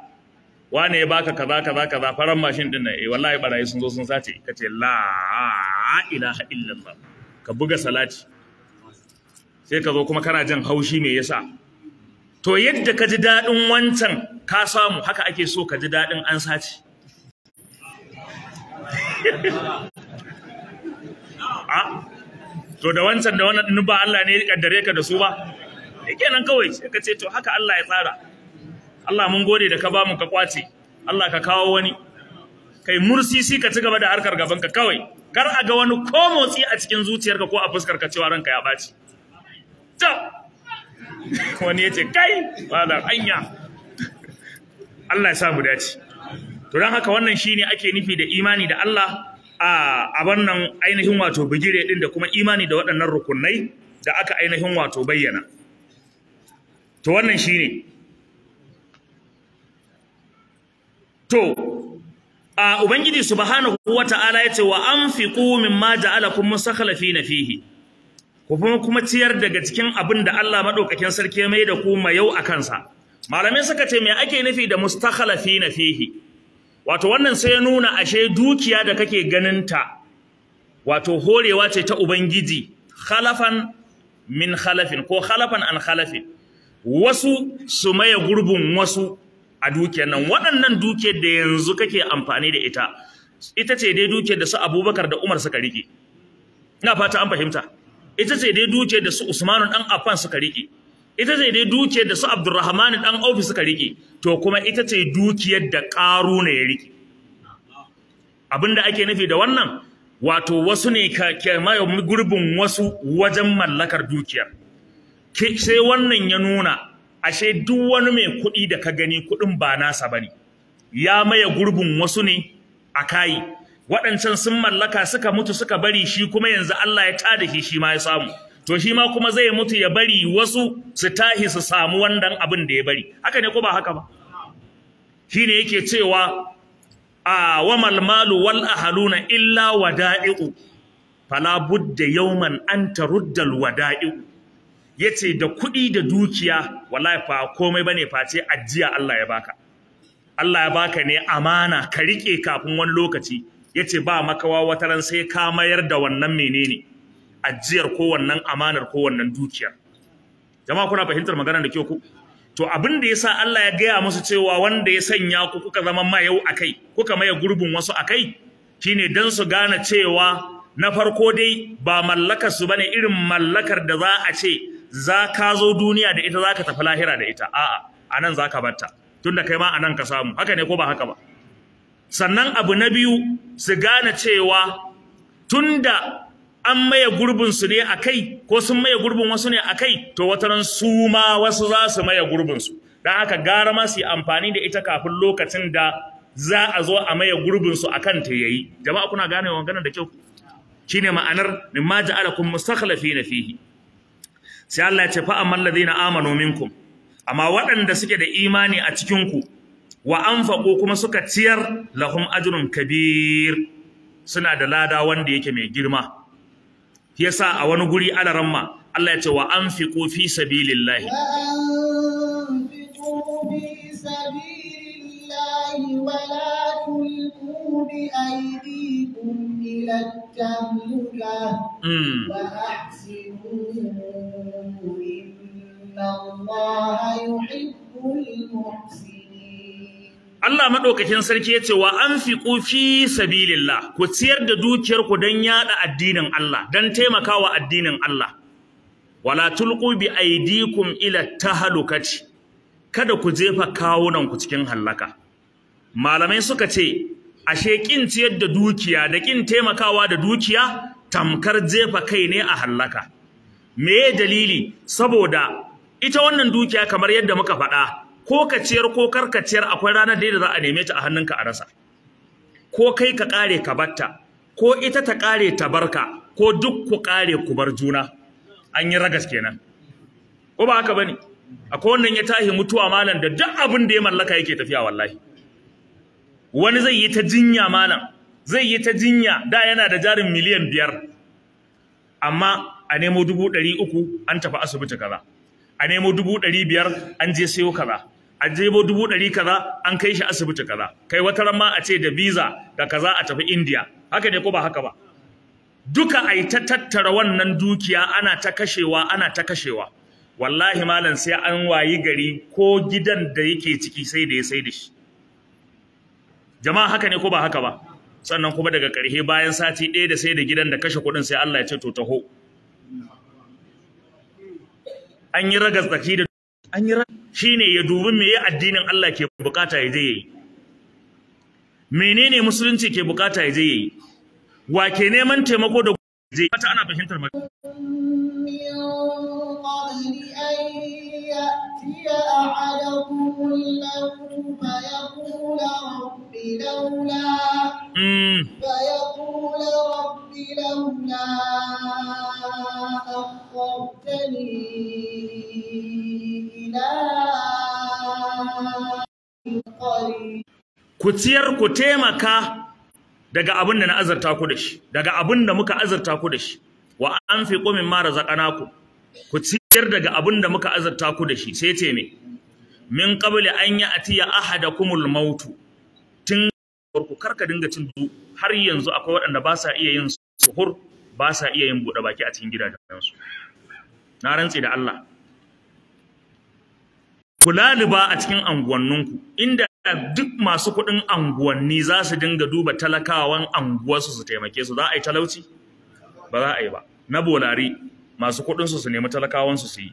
wane ya baka kaza kaza kaza faran mashin ɗin nan eh wallahi barayi sun zo sun sace ka ce la ilaha illallah ka buga salati sai ka zo kuma kana jin haushi me yasa to yadda ka ji daɗin wancan ka samu haka ake so ka ji daɗin an sace a ah. to da wancan da wannan ba Allah ne ya kaddare ka da su ba kenan kawai sai ka ce to haka Allah ya tsara Allah mun gode da ka ba mu ka kwace Allah ka kawo wani kai mursisi ka ci gaba da harkar gaban ka kawai kar a ga wani ko motsi a cikin zuciyarka ko a fuskar ka cewa ranka ya baci to wani ya ce kai malam hanya Allah ya sa mu dace to don haka wannan shine ake nufi da imani da Allah a wannan ainihin wato bigire din da kuma imani da waɗannan rukunai da aka ainihin wato bayyana to wannan shi ne. to a ubangiji subhanahu ya ce wa an fi ƙumin ma anfiqu mimma ja'alakum na fihi ku kuma ciyar daga cikin abin da Allah maɗaukakin sarki mai da kuma yau a kansa, malamai suka ce mai ake nufi da na fihi wato wannan sai ya nuna ashe dukiya da kake ganin ta, wato horewa ce ta ubangiji khalafan min khalafin ko khalafan an khalafin wasu su maye gurbin wasu a dukiyar nan waɗannan dukiyar da yanzu kake amfani da ita ita ce dai dukiyar da su abubakar da umar suka rike. ina fata an fahimta ita ce dai dukiyar da su usmanu dan affan suka rike. ita ce dai dukiyar da su Abdurrahman dan ofis suka rike to kuma ita ce dukiyar da ne ya rike abinda ake nufi da wannan wato wasu ne ka mai gurbin wasu wajen mallakar dukiyar sai wannan ya nuna ashe duk wani mai kuɗi da ka gani kuɗin ba nasa bane ya maye gurbin wasu ne a kayi waɗancan sun mallaka suka mutu suka bari shi kuma yanzu Allah ya tada shi shi ma ya samu to shi ma kuma zai mutu ya bari wasu su tahi su samu wannan abin da ya bari haka ne ko ba haka ba Shi ne yake cewa a wamal malu wal ahaluna illa wada'i'u fala budda yawman an taruddal wada'i'u yace da kuɗi da dukiya wallahi fa komai bane face ajiya Allah ya baka Allah ya baka ne amana ka rike kafin wani lokaci yace ba makawa wataran sai ka mayar da wannan menene ajiyar kowannan amanar kowannan dukiyar jama'a kuna fahimtar magana da ke ku to abin da yasa Allah ya gaya musu cewa wanda ya sanya ku kuka zama mayau akai kuka maye gurbin wasu akai shine dan su gane cewa na farko dai ba mallakar su bane irin mallakar da za a ce za ka zo duniya da ita za ka tafi lahira da ita a'a anan za ka batta tunda kai ma anan ka samu haka ne ko ba haka ba sannan abu na biyu su gane cewa tunda an maye gurbinsu su ne akai ko sun maye gurbin wasu ne akai to wataran su ma wasu za su maye gurbin su dan haka gara ma su amfani da ita kafin lokacin da za a zo a maye gurbin su akan ta yayi jama'a kuna gane maganar da kyau shine ma'anar mimma ja'alakum mustakhlifina fihi sai Allah ya ce fa amman ladina amanu minkum amma waɗanda suke da imani a cikin ku wa anfaqu kuma suka ciyar lahum ajrun kabir suna da lada wanda yake mai girma yasa a wani guri ramma. Allah ya ce wa anfi fi sabilillahi ولا تلقوا بأيديكم إلى التهلكة Allah madaukakin sarki yace wa an fi sabilillah ku ciyar da dukiyar ku dan yada addinin Allah dan taimakawa addinin Allah wala tulqu bi aydikum ila kaci. kada ku jefa kawunan ku cikin halaka malamai suka ce ashe kin ciyar da dukiya da kin taimakawa da dukiya tamkar jefa kai ne a halaka me dalili saboda ita wannan dukiya kamar yadda muka faɗa ko kaciyar ko kar ka akwai ranar da za a neme ta a hannunka a rasa ko kai ka kare ka batta ko ita ta kare ta barka ko duk ku kare ku bar juna an yi ragas kenan ko ba haka bane akwai wannan ya tahi mutuwa malam da duk abin da ya mallaka yake tafiya wallahi wani zai yi ta jinya malam zai yi ta jinya da yana da jarin miliyan biyar amma a nemo dubu ɗari uku an tafi asibiti kaza a nemo dubu ɗari biyar an je sayo kaza a jebo dubu ɗari kaza an kai shi asibiti kaza kai wata ran ma a ce da visa da kaza a tafi India haka ne ko ba haka ba duka ai ta tattara wannan dukiya ana ta kashewa ana ta kashewa wallahi malam sai an wayi gari ko gidan da yake ciki sai da ya sai da shi jama'a haka ne ko ba haka ba sannan kuma daga ƙarshe bayan sati ɗaya da sai da gidan da kashe kuɗin sai Allah ya ce to taho an yi ragas tsaki da an yi shine ya dubi me ya addinin Allah ke bukata ya je yi menene musulunci ke bukata ya je yi wa ke neman taimako da je fata ana fahimtar magana فيقول رب لولا ku ciyar ku taimaka daga abin da na azarta ku da shi daga abin da muka azarta ku da shi wa anfiqu mimma razaqnakum ku ciyar daga abin da muka azarta ku da shi sai ce me min qabli an ya'tiya ahadakumul maut tun ku karka dinga cin du har yanzu akwai waɗanda ba sa iya yin suhur ba sa iya yin buɗe baki a cikin gidajensu na rantsi da Allah kula laliba a cikin anguwanninku inda duk masu kuɗin anguwanni za su dinga duba talakawan anguwarsu su taimake su za a yi talauci ba za a yi ba na bolari masu kuɗinsu su nemi talakawansu su yi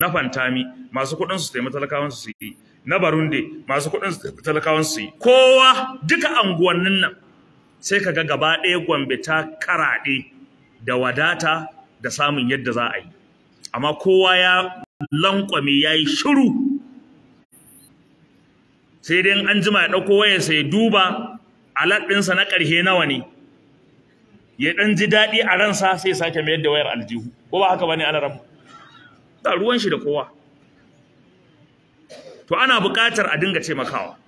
na fantami masu kuɗinsu su nemi talakawansu su yi na barunde masu kuɗinsu su nemi talakawansu su yi kowa duka anguwannin nan sai ka ga gaba ɗaya gombe ta karaɗe da wadata da samun yadda za a yi amma kowa ya lankwame ya yi shiru sai dai an jima ya ɗauko wayarsa ya duba alaɗinsa na ƙarshe nawa ne ya ɗan ji daɗi a ransa sai ya sake mayar da wayar aljihu ko ba haka ba ne alaram ba ruwan shi da kowa to ana buƙatar a dinga taimakawa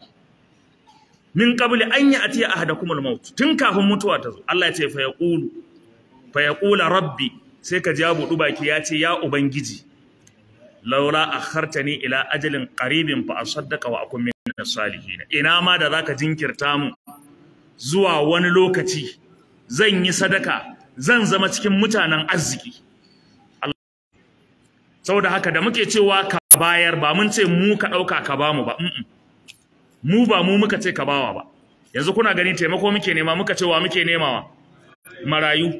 min qabli an ya'ti kuma maut tun kafin mutuwa ta zo Allah ya ce fa yaqulu fa rabbi sai ka ji ya baki ya ce ya ubangiji Laura a laula akhartani ila ajalin qaribin fa asaddaka wa akun salihin ina ma da zaka jinkirta mu zuwa wani lokaci zan yi sadaka zan zama cikin mutanen arziki saboda haka da muke cewa ka bayar ba mun ce mu ka dauka ka bamu ba mu ba mu muka ce ka bawa ba yanzu kuna gani taimako muke nema muka cewa muke nemawa marayu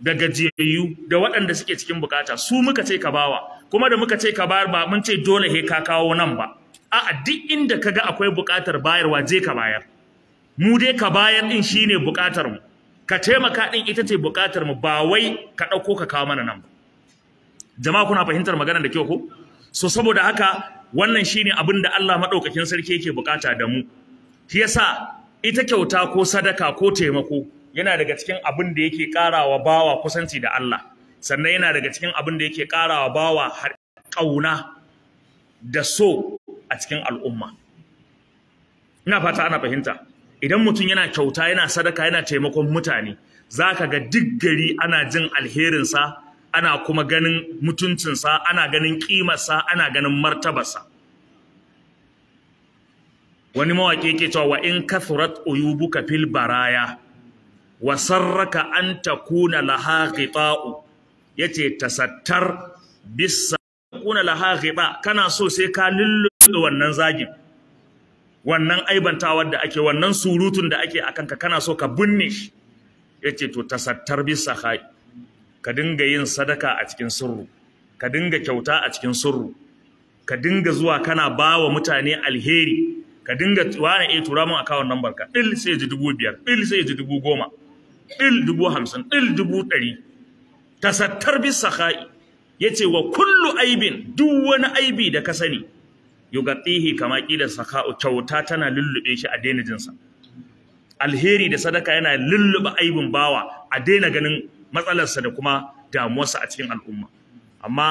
da gajiyayyu da waɗanda suke cikin bukata su muka ce ka bawa kuma da muka ce ka bayar ba mun ce dole he ka kawo nan ba a'a duk inda ka ga akwai buƙatar bayarwa je ka bayar mu dai ka bayar ɗin shine buƙatar mu ka taimaka ɗin ita ce buƙatar mu ba wai ka ɗauko ka kawo mana nan ba jama'a kuna fahimtar maganar da kyau ko so saboda haka wannan shine abin da Allah maɗaukakin sarki yake buƙata da mu shi yasa ita kyauta ko sadaka ko taimako yana daga cikin abin da yake ƙarawa bawa kusanci da Allah sannan yana daga cikin abin da yake ƙarawa bawa ƙauna da so a cikin al'umma ina fata ana fahimta idan mutum yana kyauta yana sadaka yana taimakon mutane za ka ga duk gari ana jin alherinsa ana kuma ganin mutuncinsa ana ganin ƙimarsa ana ganin martabarsa wani mawaƙi ke cewa wa in kathurat uyubuka fil baraya wa sarraka an takuna laha qita'u yace tasattar bisa kuna laha kana so sai ka lullu tuɓe wannan zagin wannan aibantawar da ake wannan surutun da ake akan ka kana so ka binne shi yace to tasattar bisa sahai ka dinga yin sadaka a cikin sirru ka dinga kyauta a cikin sirru ka dinga zuwa kana bawa mutane alheri ka dinga wani eh tura mun akawun number ka dil sai ji dubu biyar dil sai ji dubu goma dil dubu hamsin dil dubu ɗari tasattar bi Ya yace wa kullu aibin duk wani aibi da ka sani yugatihi kama kila saka'u kyauta tana lullube shi a daina jinsa alheri da sadaka yana lullube aibin bawa a daina ganin matsalarsa da kuma damuwarsa a cikin al'umma amma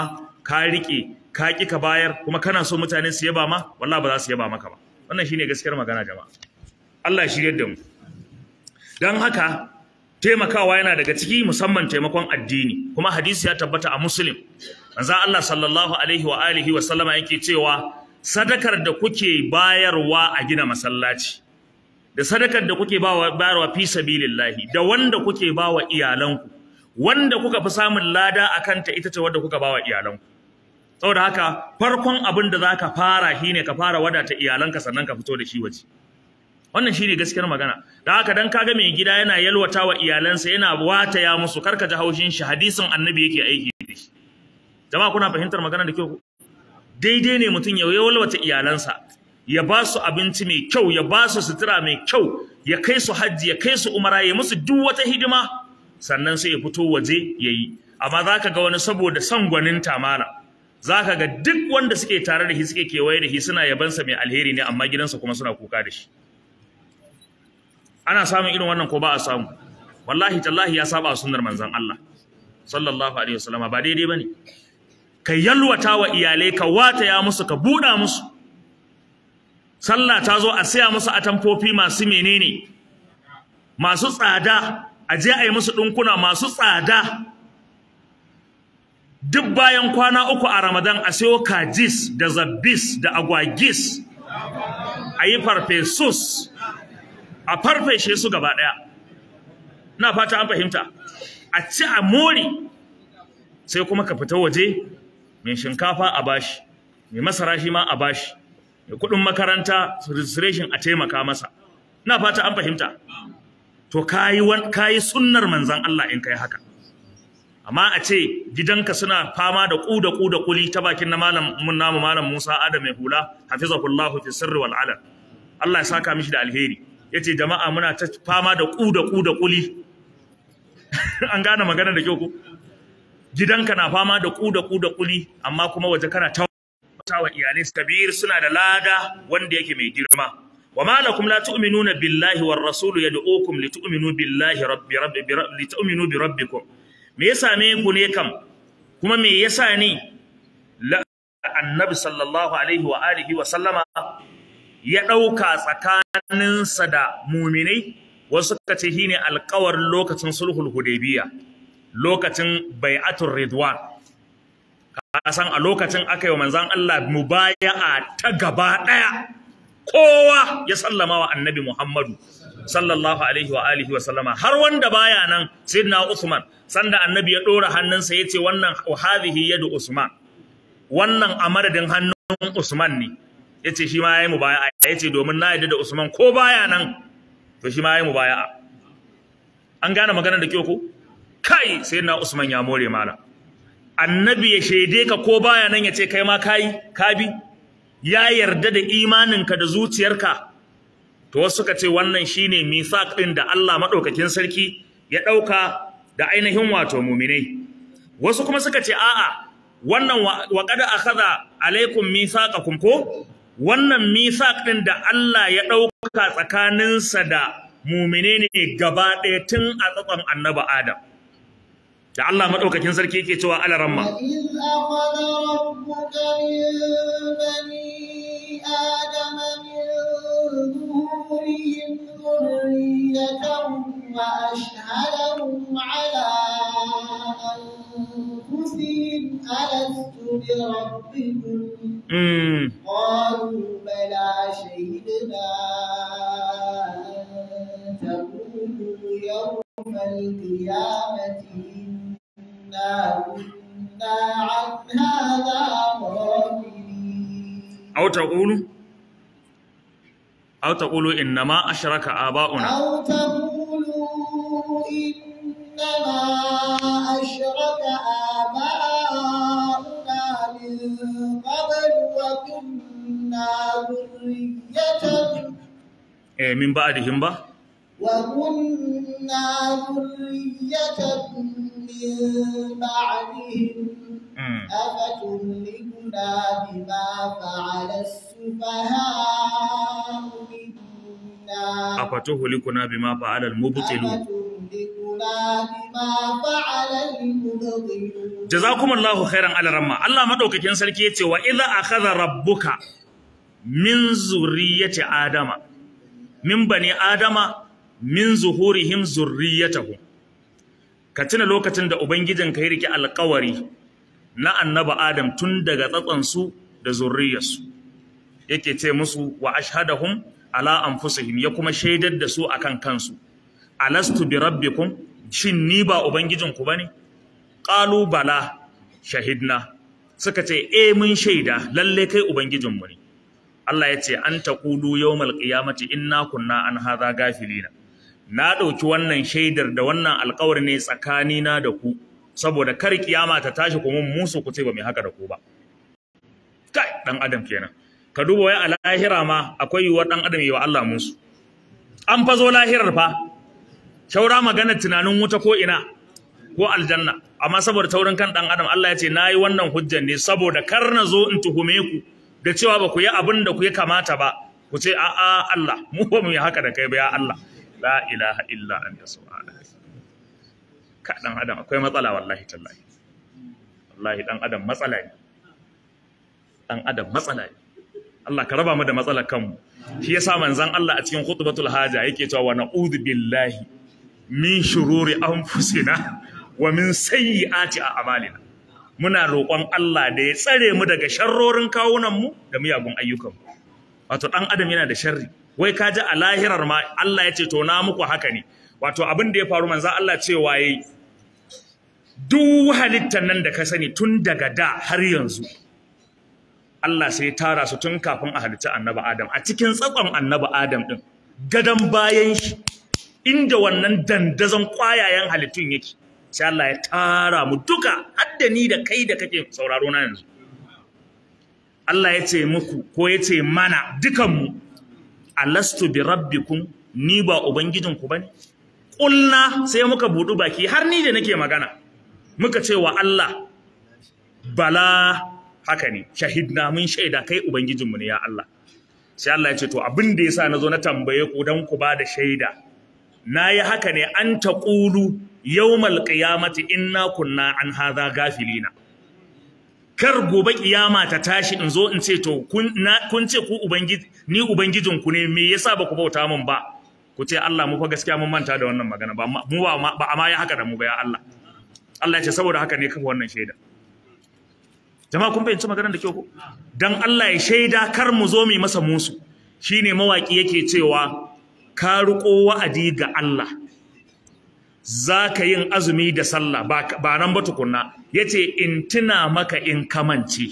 ka rike ka kika bayar kuma kana so mutane su yaba ma wallahi ba za su yaba maka ba wannan shine gaskiyar magana jama'a Allah ya shiryar da mu dan haka taimakawa yana daga ciki musamman taimakon addini kuma hadisi ya tabbata a muslim manzo Allah sallallahu alaihi wa alihi wa sallama yake cewa sadakar da kuke bayarwa a gina masallaci da sadakar da kuke bayarwa fi sabilillahi da wanda kuke bawa iyalanku wanda kuka fi samun lada akan ta ita ce wanda kuka bawa iyalanku saboda haka farkon abin da zaka fara shine ka fara wadata iyalanka sannan ka fito da shi waje wannan shine gaskiyar magana da haka dan kaga mai gida yana yalwata wa iyalansa yana ya musu karka ji haushin shi hadisin annabi yake aiki da shi jama'a kuna fahimtar magana da kyau daidai ne mutum ya walwata iyalansa ya ba su abinci mai kyau ya ba su sutura mai kyau ya kai su hajji ya kai su umara ya musu duk wata hidima sannan sai ya fito waje ya yi amma za ka ga wani saboda son gwanin tamala za ka ga duk wanda suke tare da shi suke kewaye da shi suna yabansa mai alheri ne amma gidansa kuma suna kuka da shi ana samun irin wannan ko ba a samu wallahi tallahi ya saba sunnar manzon Allah sallallahu alaihi wasallama ba daidai bane ka yalwata wa iyalai ka wataya musu ka buɗa musu sallah ta zo a siya musu atamfofi masu menene masu tsada a je a yi musu ɗinkuna masu tsada duk bayan kwana uku a ramadan a siyo kajis da zabbis da agwagis a yi farfesus a farfeshe su gaba ɗaya na fata an fahimta a ci a mori sai kuma ka fita waje mai shinkafa a bashi mai masara shi ma a bashi mai kuɗin makaranta registration a taimaka masa ina fata an fahimta to kayi kayi sunnar manzon Allah in kai haka amma a ce gidanka suna fama da ku da ku da kuli ta bakin na malam mun namu malam Musa Adam mai hula hafizahullahu fi sirri wal Allah ya saka mishi da alheri yace jama'a muna ta fama da ku da ku da kuli an gane magana da kyau ko gidanka na fama da ku da ku da kuli amma kuma waje kana tawa iyalai kabir suna da lada wanda yake mai girma wa ma lakum la tu'minuna billahi war rasul yad'ukum tu'minu billahi rabbi rabbi tu'minu bi rabbikum me yasa ne ku ne kam kuma me yasa ne annabi sallallahu alaihi wa alihi wa sallama ya dauka tsakaninsa da muminai wasu kace shine alƙawar lokacin sulhul hudaybiyah lokacin bai'atul ridwan kasan a lokacin aka yi wa manzan Allah mubaya'a ta gaba ɗaya kowa ya sallama wa annabi Muhammadu sallallahu alaihi wa alihi wa sallama har wanda baya nan sayyidina Usman sanda annabi ya dora hannunsa yace wannan hadhihi yadu Usman wannan a madadin hannun Usman ne yace shi ma yayi mubaya'a yace domin na yadda da Usman ko baya nan to shi ma yayi mubaya'a an gane maganar da kyau ko kai sai na Usman ya more mana annabi ya shaide ka ko baya nan ya ce kai ma kai ka ya yarda da imaninka da zuciyarka to wasu suka ce wannan shine misaq din da Allah madaukakin sarki ya dauka da ainihin wato muminai wasu kuma suka ce a'a wannan wa qad akhadha alaikum misaqakum ko wannan misaq din da Allah ya dauka tsakaninsa da muminai ne gaba ɗaya tun a tsatson annabi Adam da Allah maɗaukakin sarki yake cewa ala ramma أو تقولوا أو تقولوا إنما أشرك آباؤنا أو تقولوا إنما أشرك آباؤنا من قبل وكنا ذرية من بعدهم بقى وكنا ذرية من بعدهم أفتهلكنا بما فعل السفهاء منا أفتهلكنا بما فعل المبطلون جزاكم الله خيرا على رمى الله ما دوك كان سلكي يتي ربك من ذريه ادم من بني ادم min zuhurihim zurriyatahum ka tuna lokacin da ubangijin ka yi rike alƙawari na annaba adam tun daga su da zurriyarsu yake ce musu wa ashhadahum ala anfusihim ya kuma shaidar da su akan kansu alastu bi rabbikum shin ni ba ubangijin ku bane qalu bala shahidna suka ce eh mun shaida lalle kai ubangijin mu ne Allah ya ce an taqulu yawmal qiyamati inna kunna an hadha gafilina na ɗauki wannan shaidar da wannan alkawari ne tsakanina da ku saboda kar kiyama ta tashi kuma musu ku ce ba mai haka da ku ba kai dan adam kenan ka duba wai a lahira ma akwai yiwuwar dan adam yi wa Allah musu an fazo lahirar fa shaura magana tunanin wuta ko ina ko aljanna amma saboda taurin kan dan adam Allah ya ce nayi wannan hujjan ne saboda kar na zo in tuhume ku da cewa ba ku yi abin da ku ya kamata ba ku ce a'a Allah mu ba mu yi haka da kai ba ya Allah la ilaha illa anta subhanaka ka dan adam akwai matsala wallahi tallahi wallahi dan adam matsala ne dan adam matsala ne Allah ka raba mu da matsalar kanmu shi yasa manzon Allah a cikin khutbatul haja yake cewa wa na'udhu billahi min shururi anfusina wa min sayyiati a'malina muna roƙon Allah da ya tsare mu daga sharrorin kawunan mu da miyagun ayyukan mu. wato ɗan adam yana da sharri wai ka ji a lahirar ma Allah ya ce to na muku haka ne wato abin da ya faru manzo Allah ce waye duk halittar nan da ka sani tun daga da har yanzu Allah sai ya tara su tun kafin a halitta annabi Adam a cikin tsakon annabi Adam din gadan bayan shi inda wannan dandazon kwayayen halittun yake sai Allah ya tara mu duka haddani ni da kai da kake sauraro na yanzu Allah ya ce muku ko ya ce mana mu. alastu bi rabbikum ni ba ubangijin ubangijinku bane kulna sai muka budu baki har ni da nake magana muka ce wa Allah bala haka ne shahidna mun shaida kai ubangijinmu ne ya Allah sai Allah ya ce to abin da yasa nazo na tambaye ku dan ku bada da shaida nayi haka ne an taqulu yawmal qiyamati inna kunna an hadha gafilina kar gobe kiyama ta tashi in zo in ce to kun ce ku ubangiji ni ubangijin ku ne me yasa ba ku bauta min ba ku ce Allah mu fa gaskiya mun manta da wannan magana ba mu ba ba amma ya haka da mu ba ya Allah Allah ya ce saboda haka ne kafa wannan shaida jama'a kun bayyana maganar da kyau ko dan Allah ya shaida kar mu zo mu masa musu shine mawaki yake cewa ka riko wa'adi ga Allah za ka yin azumi da sallah ba nan ba tukunna ya ce in tuna maka in kamance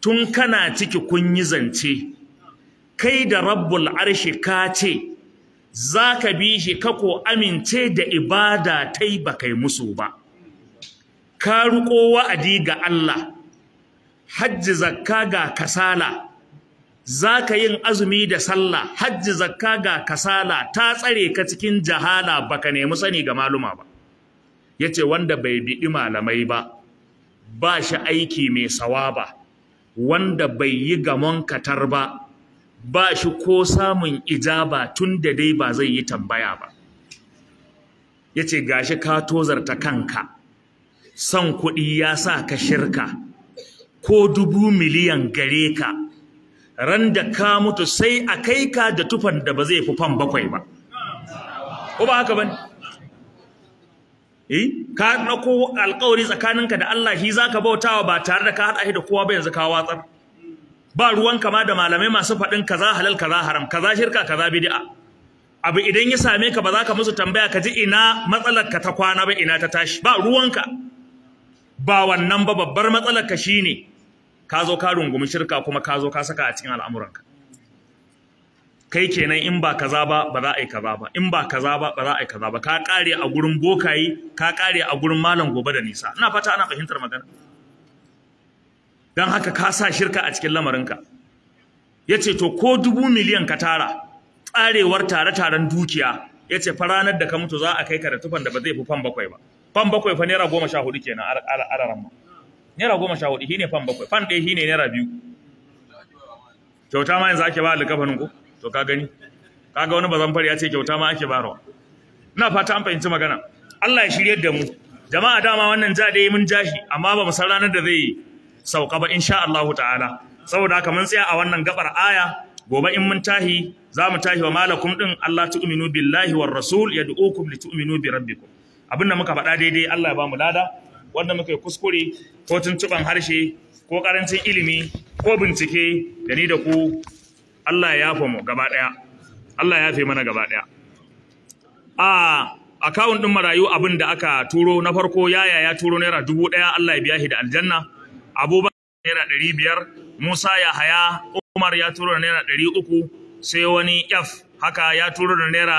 tun kana ciki kun yi zance kai da rabbul arshi ka ce za ka bi shi kako amince da ibada ta yi ba kai musu ba ka riƙo wa'adi ga Allah hajji zakka ga kasala zaka yin azumi da sallah hajji zakka ga kasala ta tsare ka cikin jahala baka nemi sani ga maluma ba yace wanda bai biɗi malamai ba ba shi aiki mai sawaba wanda bai yi gamon katar ba ba shi ko samun ijaba tun da dai ba zai yi tambaya ba yace gashi ka tozarta kanka son kuɗi ya sa ka shirka ko dubu miliyan gare ka ran da ka mutu sai a kai ka da tufan da ba zai fi fan bakwai ba ko ba haka bane eh ka dauko alƙawari tsakaninka da Allah shi zaka bautawa ba tare da ka hada shi da kowa ba yanzu ka watsar ba ruwan kama da malamai masu faɗin kaza halal kaza haram kaza shirka kaza bidi'a. abu idan ya same ka ba za ka musu tambaya ka ji ina matsalar ka ta kwana ba ina ta tashi ba ruwanka ba wannan ba babbar matsalar ka ne. ka zo ka rungumi shirka kuma ka zo ka saka a cikin al'amuranka kai kenan in ba kaza ba ba za a yi kaza ba in ba kaza ba ba za a yi kaza ba ka kare a gurin bokayi ka kare a gurin malam gobe da nisa ina fata ana fahimtar magana dan haka ka sa shirka a cikin lamarinka yace to ko dubu miliyan ka tara tsarewar tare taren dukiya yace fa ranar da ka mutu za a kai ka da tufan da ba zai fi fan bakwai ba fan bakwai fa naira goma sha hudu kenan a ma naira goma sha hudu shine fan bakwai fan ɗaya shine naira biyu kyauta ma yanzu ake ba alkafanin ko to ka gani kaga wani bazan fari ya ce kyauta ma ake barawa ina fata an fahimci magana Allah ya shiryar da mu jama'a dama wannan ja yi mun jashi amma ba mu san ranar da zai sauka ba insha Allahu ta'ala saboda haka mun tsaya a wannan gabar aya gobe in mun tahi za mu tahi wa malakum din Allah tu'minu billahi war rasul yad'ukum litu'minu bi rabbikum abinda muka faɗa daidai Allah ya ba mu lada wanda muka kuskure ko tuntuban harshe ko karancin ilimi ko bincike da ni da ku Allah ya yafa mu gaba daya Allah ya yafe mana gaba daya a akawun din marayu abin da aka turo na farko yaya ya turo naira dubu daya Allah ya biya shi da aljanna abubakar naira ɗari biyar musa ya haya umar ya turo da naira ɗari uku sai wani f haka ya turo da naira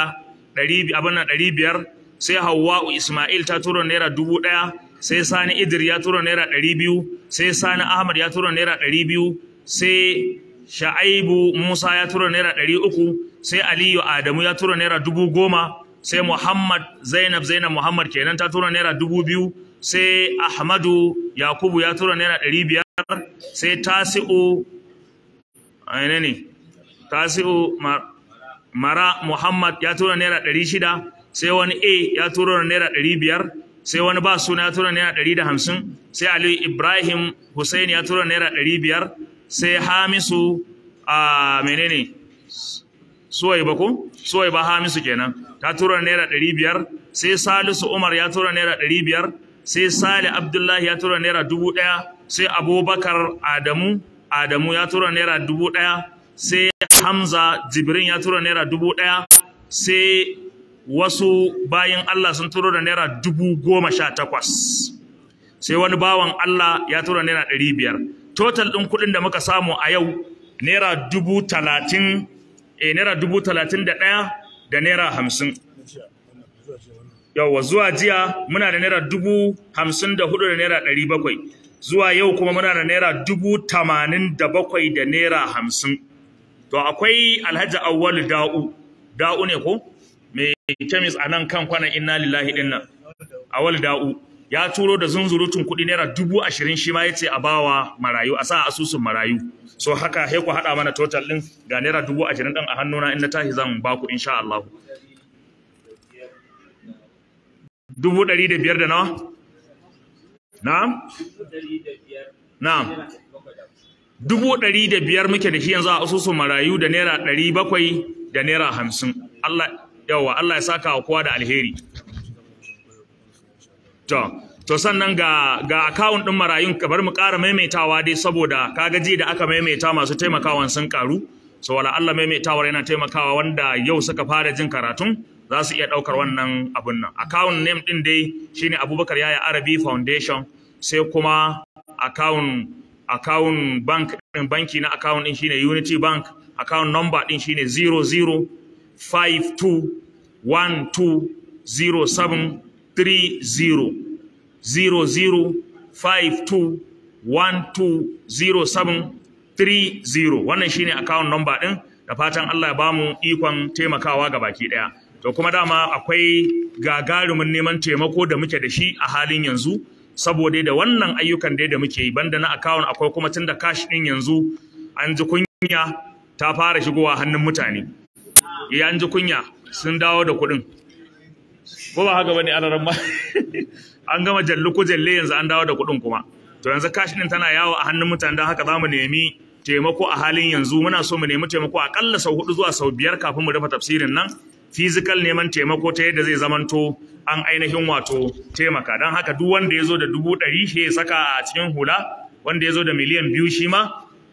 ɗari abin na ɗari biyar sai hawwa'u ismail ta turo naira dubu ɗaya sai sani idir ya tura naira ɗari biyu sai sani ahmad ya tura naira ɗari biyu sai sha'aibu musa ya tura naira ɗari uku sai aliyu adamu ya tura naira dubu goma sai muhammad zainab zainab muhammad kenan ta tura naira dubu biyu sai ahmadu yakubu ya tura naira ɗari biyar sai tasi'u ne tasi'u mara muhammad ya tura naira ɗari shida sai wani a ya tura naira ɗari biyar sai wani ba suna ya tura naira ɗari da hamsin sai aliyu ibrahim hussein ya tura naira ɗari biyar sai hamisu a menene suwai ba ko suwai ba hamisu kenan ta tura naira ɗari biyar sai salisu umar ya tura naira ɗari biyar sai sali abdullahi ya tura naira dubu ɗaya sai abubakar adamu adamu ya tura naira dubu ɗaya sai hamza jibrin ya tura naira dubu ɗaya sai wasu bayan Allah sun turo da naira dubu goma sha takwas sai wani bawan Allah ya turo naira ɗari biyar total ɗin kuɗin da muka samu a yau naira dubu talatin eh naira dubu talatin da ɗaya da naira hamsin yawwa zuwa jiya muna da naira dubu hamsin da hudu da naira ɗari bakwai zuwa yau kuma muna da naira dubu tamanin da bakwai da naira hamsin to akwai alhaji awwalu da'u da'u ne ko mai kemis a nan kan kwana inna lillahi din nan awal da'u ya turo da zunzurutun kuɗi naira dubu ashirin shi ma ya ce a bawa marayu a sa asusun marayu so haka he ku haɗa mana total ɗin ga naira dubu ashirin ɗin a hannuna in na tashi zan ba ku insha Allah dubu ɗari da biyar da nawa na'am na'am dubu ɗari da biyar muke da shi yanzu a asusun marayu da naira ɗari bakwai da naira hamsin Allah yawa Allah ya saka wa kowa da alheri to to sannan ga ga account din marayun bar mu ƙara maimaitawa dai saboda kaga ji da aka maimaita masu taimakawan sun karu so wala Allah maimaitawar yana taimakawa wanda yau suka fara jin karatun za su iya ɗaukar wannan abun nan account name din dai shine Abubakar Yaya Arabi Foundation sai kuma account account bank din banki na account din shine Unity Bank account number din shine 00 52120730 wannan shine account number ɗin da fatan Allah ya bamu ikon taimakawa ga baki ɗaya. to kuma dama akwai gagarumin neman taimako da muke da shi a halin yanzu saboda da wannan ayyukan da muke yi banda na account akwai kuma tunda cash din yanzu an ji kunya ta fara shigowa hannun mutane ya an ji kunya sun dawo da kuɗin ko ba haka bane alaran ba. an gama jallu ko jalle yanzu an dawo da kuɗin kuma to yanzu kashi din tana yawo a hannun mutane don haka za mu nemi taimako a halin yanzu muna so mu nemi taimako akalla sau hudu zuwa sau biyar kafin mu dafa tafsirin nan physical neman taimako ta yadda zai zamanto an ainihin wato taimaka don haka duk wanda ya zo da dubu ɗari shi ya saka a cikin hula wanda ya zo da miliyan biyu shi ma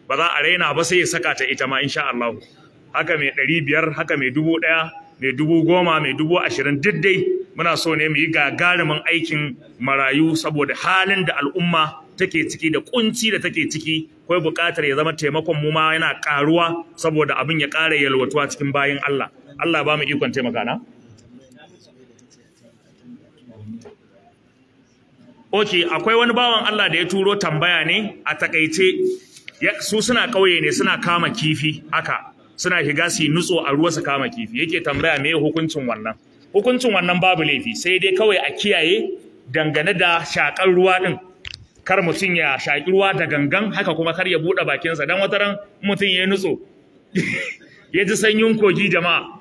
ba za a raina ba sai ya saka ta ita ma insha Allah haka mai ɗari biyar haka mai dubu ɗaya mai dubu goma mai dubu ashirin duk dai muna so ne mu yi gagarumin aikin marayu saboda halin da al'umma take ciki da kunci da take ciki kai buƙatar ya zama taimakon mu ma yana ƙaruwa saboda abin ya ƙara yalwatuwa cikin bayan Allah Allah ba mu ikon taimaka na Oke akwai wani bawan Allah da ya turo tambaya ne a takaice su suna ƙauye ne suna kama kifi haka suna shiga su nutso a ruwa su kama kifi yake tambaya me hukuncin wannan hukuncin wannan babu laifi sai dai kawai a kiyaye dangane da shakar ruwa din kar mutum ya shaki ruwa da gangan haka kuma kar ya buɗe bakinsa dan wata ran mutum ya nutso ya ji sanyin kogi jama'a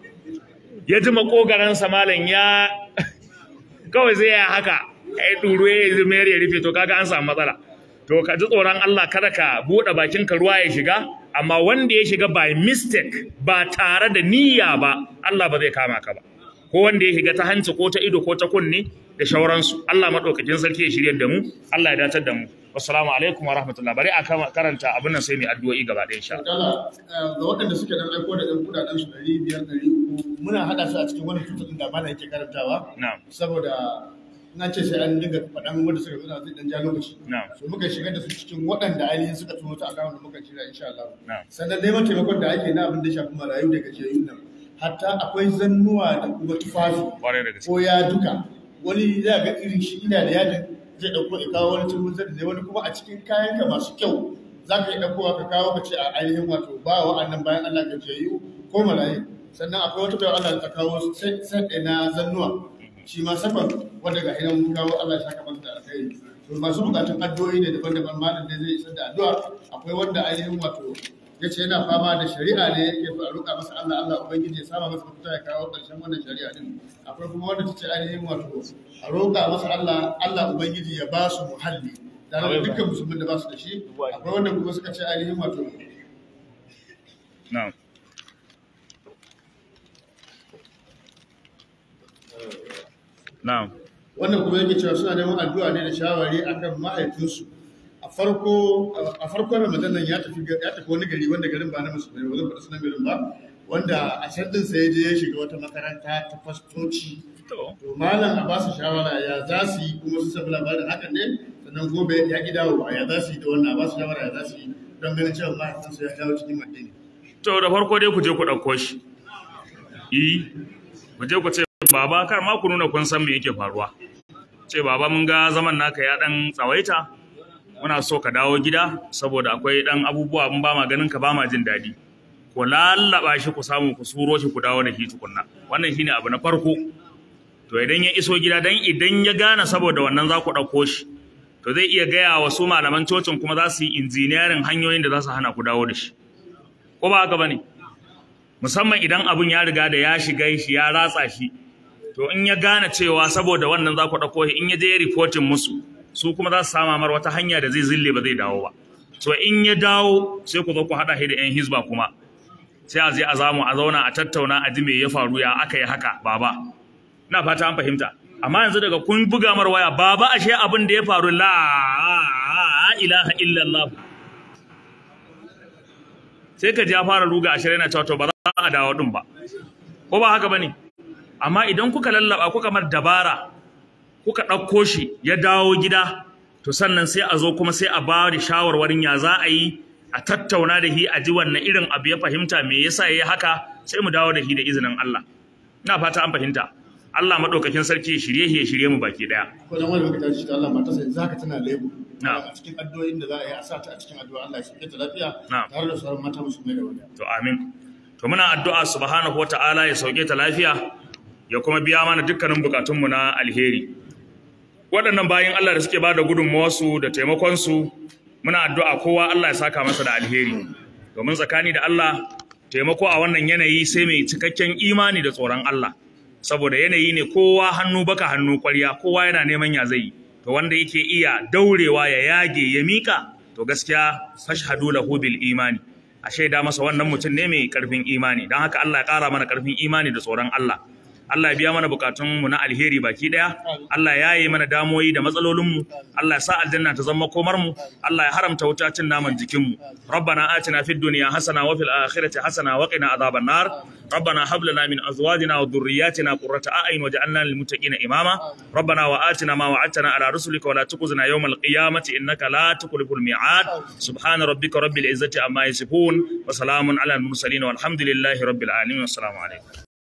ya ji makogaransa malam ya kawai zai ya haka ai duro ya mayar ya rufe to kaga an samu matsala to ka ji tsoron Allah kada ka buɗe bakinka ruwa ya shiga amma wanda ya shiga by mistake ba tare da niyya ba Allah ba zai kama ka ba ko wanda ya shiga ta hanci ko ta ido ko ta kunne da shauransu Allah madaukakin sarki ya shiryar da mu Allah ya datar da mu assalamu alaikum wa rahmatullah bari a karanta abin nan sai mai addu'o'i gaba ɗaya insha Allah eh, ga wanda suke nan aiko da ɗan kudaden su 500 300 muna hada su a cikin wannan tutun da bana yake karantawa na'am saboda na ce sai an dinga faɗan wanda suka zo zai dan ja lokaci so muka shiga da su cikin waɗanda ainihin suka turo ta akan da muka jira insha Allah sannan neman taimakon da ake na abin da shafi marayu da gajiyayyu nan hatta akwai zannuwa da kuma tufafi ko ya duka wani za ga irin shi ina da yadin zai ɗauko ya kawo wani cikin zai wani kuma a cikin kayan ka masu kyau za ka yi ɗaukowa ka kawo ka ce a ainihin wato ba wa'annan bayan Allah jeyu ko marayu sannan akwai wata bayan Allah ta kawo sai na zannuwa shi ma saban wanda ga hidan mun Allah ya saka masa da alkhairi to masu bukatun addu'o'i ne daban-daban malam ne zai isar da addu'a akwai wanda ainihin wato ya ce yana fama da shari'a ne yake so roƙa masa Allah Allah ubangiji ya sama masa mafita ya kawo ƙarshen wannan shari'a din akwai kuma wanda tace ainihin wato a roƙa masa Allah Allah ubangiji ya ba su muhalli da rabu dukkan musulmin da ba su da shi akwai wanda kuma suka ce ainihin wato na'am na'am wannan kuma yake cewa suna neman addu'a ne da shawari akan ma'aikinsu a farko a farkon ramadan nan ya tafi ya tafi wani gari wanda garin ba na musulmai ba zan faɗi sunan garin ba wanda a can din sai je ya shiga wata makaranta ta fastoci to malam a ba su shawara ya za su yi kuma su sabu labarin hakan ne sannan gobe ya ki dawo ya za su yi da wannan a ba su shawara ya za su yi don ganin cewa ma'aikinsu ya dawo cikin addini to da farko dai ku je ku ɗauko shi yi ku je ku ce baba kar ma ku nuna kun san me yake faruwa ce baba mun ga zaman naka ya dan tsawaita muna so ka dawo gida saboda akwai dan abubuwa mun ba ma ganin ka ba ma jin dadi ku lallaba shi ku samu ku suro shi ku dawo da shi tukunna wannan shine abu na farko to idan ya iso gida dan idan ya gane saboda wannan za ku dauko shi to zai iya gaya wa su malaman cocin kuma za su yi injiniyarin hanyoyin da za su hana ku dawo da shi ko ba haka bane musamman idan abun ya riga da ya shiga shi ya ratsa shi to in ya gane cewa saboda wannan za ku ɗauko in ya je reportin musu su kuma za su sama mar wata hanya da zai zille ba zai dawo ba To in ya dawo sai ku zo ku haɗa shi da 'yan hizba kuma sai a je a zamu a zauna a tattauna a ji me ya faru ya aka yi haka baba Ina fata an fahimta amma yanzu daga kun buga mar waya baba ashe abin da ya faru la ilaha illallah sai ka ji ya fara ruga ashirin na cewa to ba za a dawo din ba ko ba haka bane amma idan kuka lallaba kuka mar dabara kuka ɗauko shi ya dawo gida to sannan sai a zo kuma sai a ba da shawarwarin ya za a yi a tattauna da shi a ji wannan irin abu ya fahimta me yasa yayi haka sai mu dawo da shi da izinin Allah ina fata an fahimta Allah madaukakin sarki ya shirye ya shirye mu baki daya ko dan wani lokaci ta Allah mata sai zaka tana lebu a cikin addu'o'in da za a yi a sa ta a cikin addu'a Allah ya ke ta lafiya tare da sauran mata mai da wani to amin to muna addu'a subhanahu wataala ya sauke ta lafiya ya kuma biya mana dukkanin bukatunmu na alheri waɗannan bayan Allah da suke ba bada gudunmawarsu da taimakonsu muna addu'a kowa Allah ya saka masa da alheri domin tsakani da Allah taimako a wannan yanayi sai mai cikakken imani da tsoron Allah saboda yanayi ne kowa hannu baka hannu kwarya kowa yana neman ya zai to wanda yake iya daurewa ya yage ya mika to gaskiya fashhadu lahu bil imani a shaida masa wannan mutum ne mai karfin imani don haka Allah ya ƙara mana karfin imani da tsoron Allah Allah ya biya mana mu na alheri baki daya Allah ya yi mana damoyi da matsalolinmu Allah ya sa aljanna ta zama mu Allah ya haramta wuta cin naman jikinmu rabbana atina fid dunya hasana wa fil akhirati hasana wa qina nar rabbana hab lana min azwajina wa dhurriyyatina qurrata a'yun waj'alna lil muttaqina imama rabbana wa atina ma wa'adtana ala rusulika wa la tukhzina yawmal qiyamati innaka la tukhliful mi'ad subhana rabbika rabbil izzati amma yasifun wa salamun ala al mursalin walhamdulillahi rabbil alamin assalamu alaykum.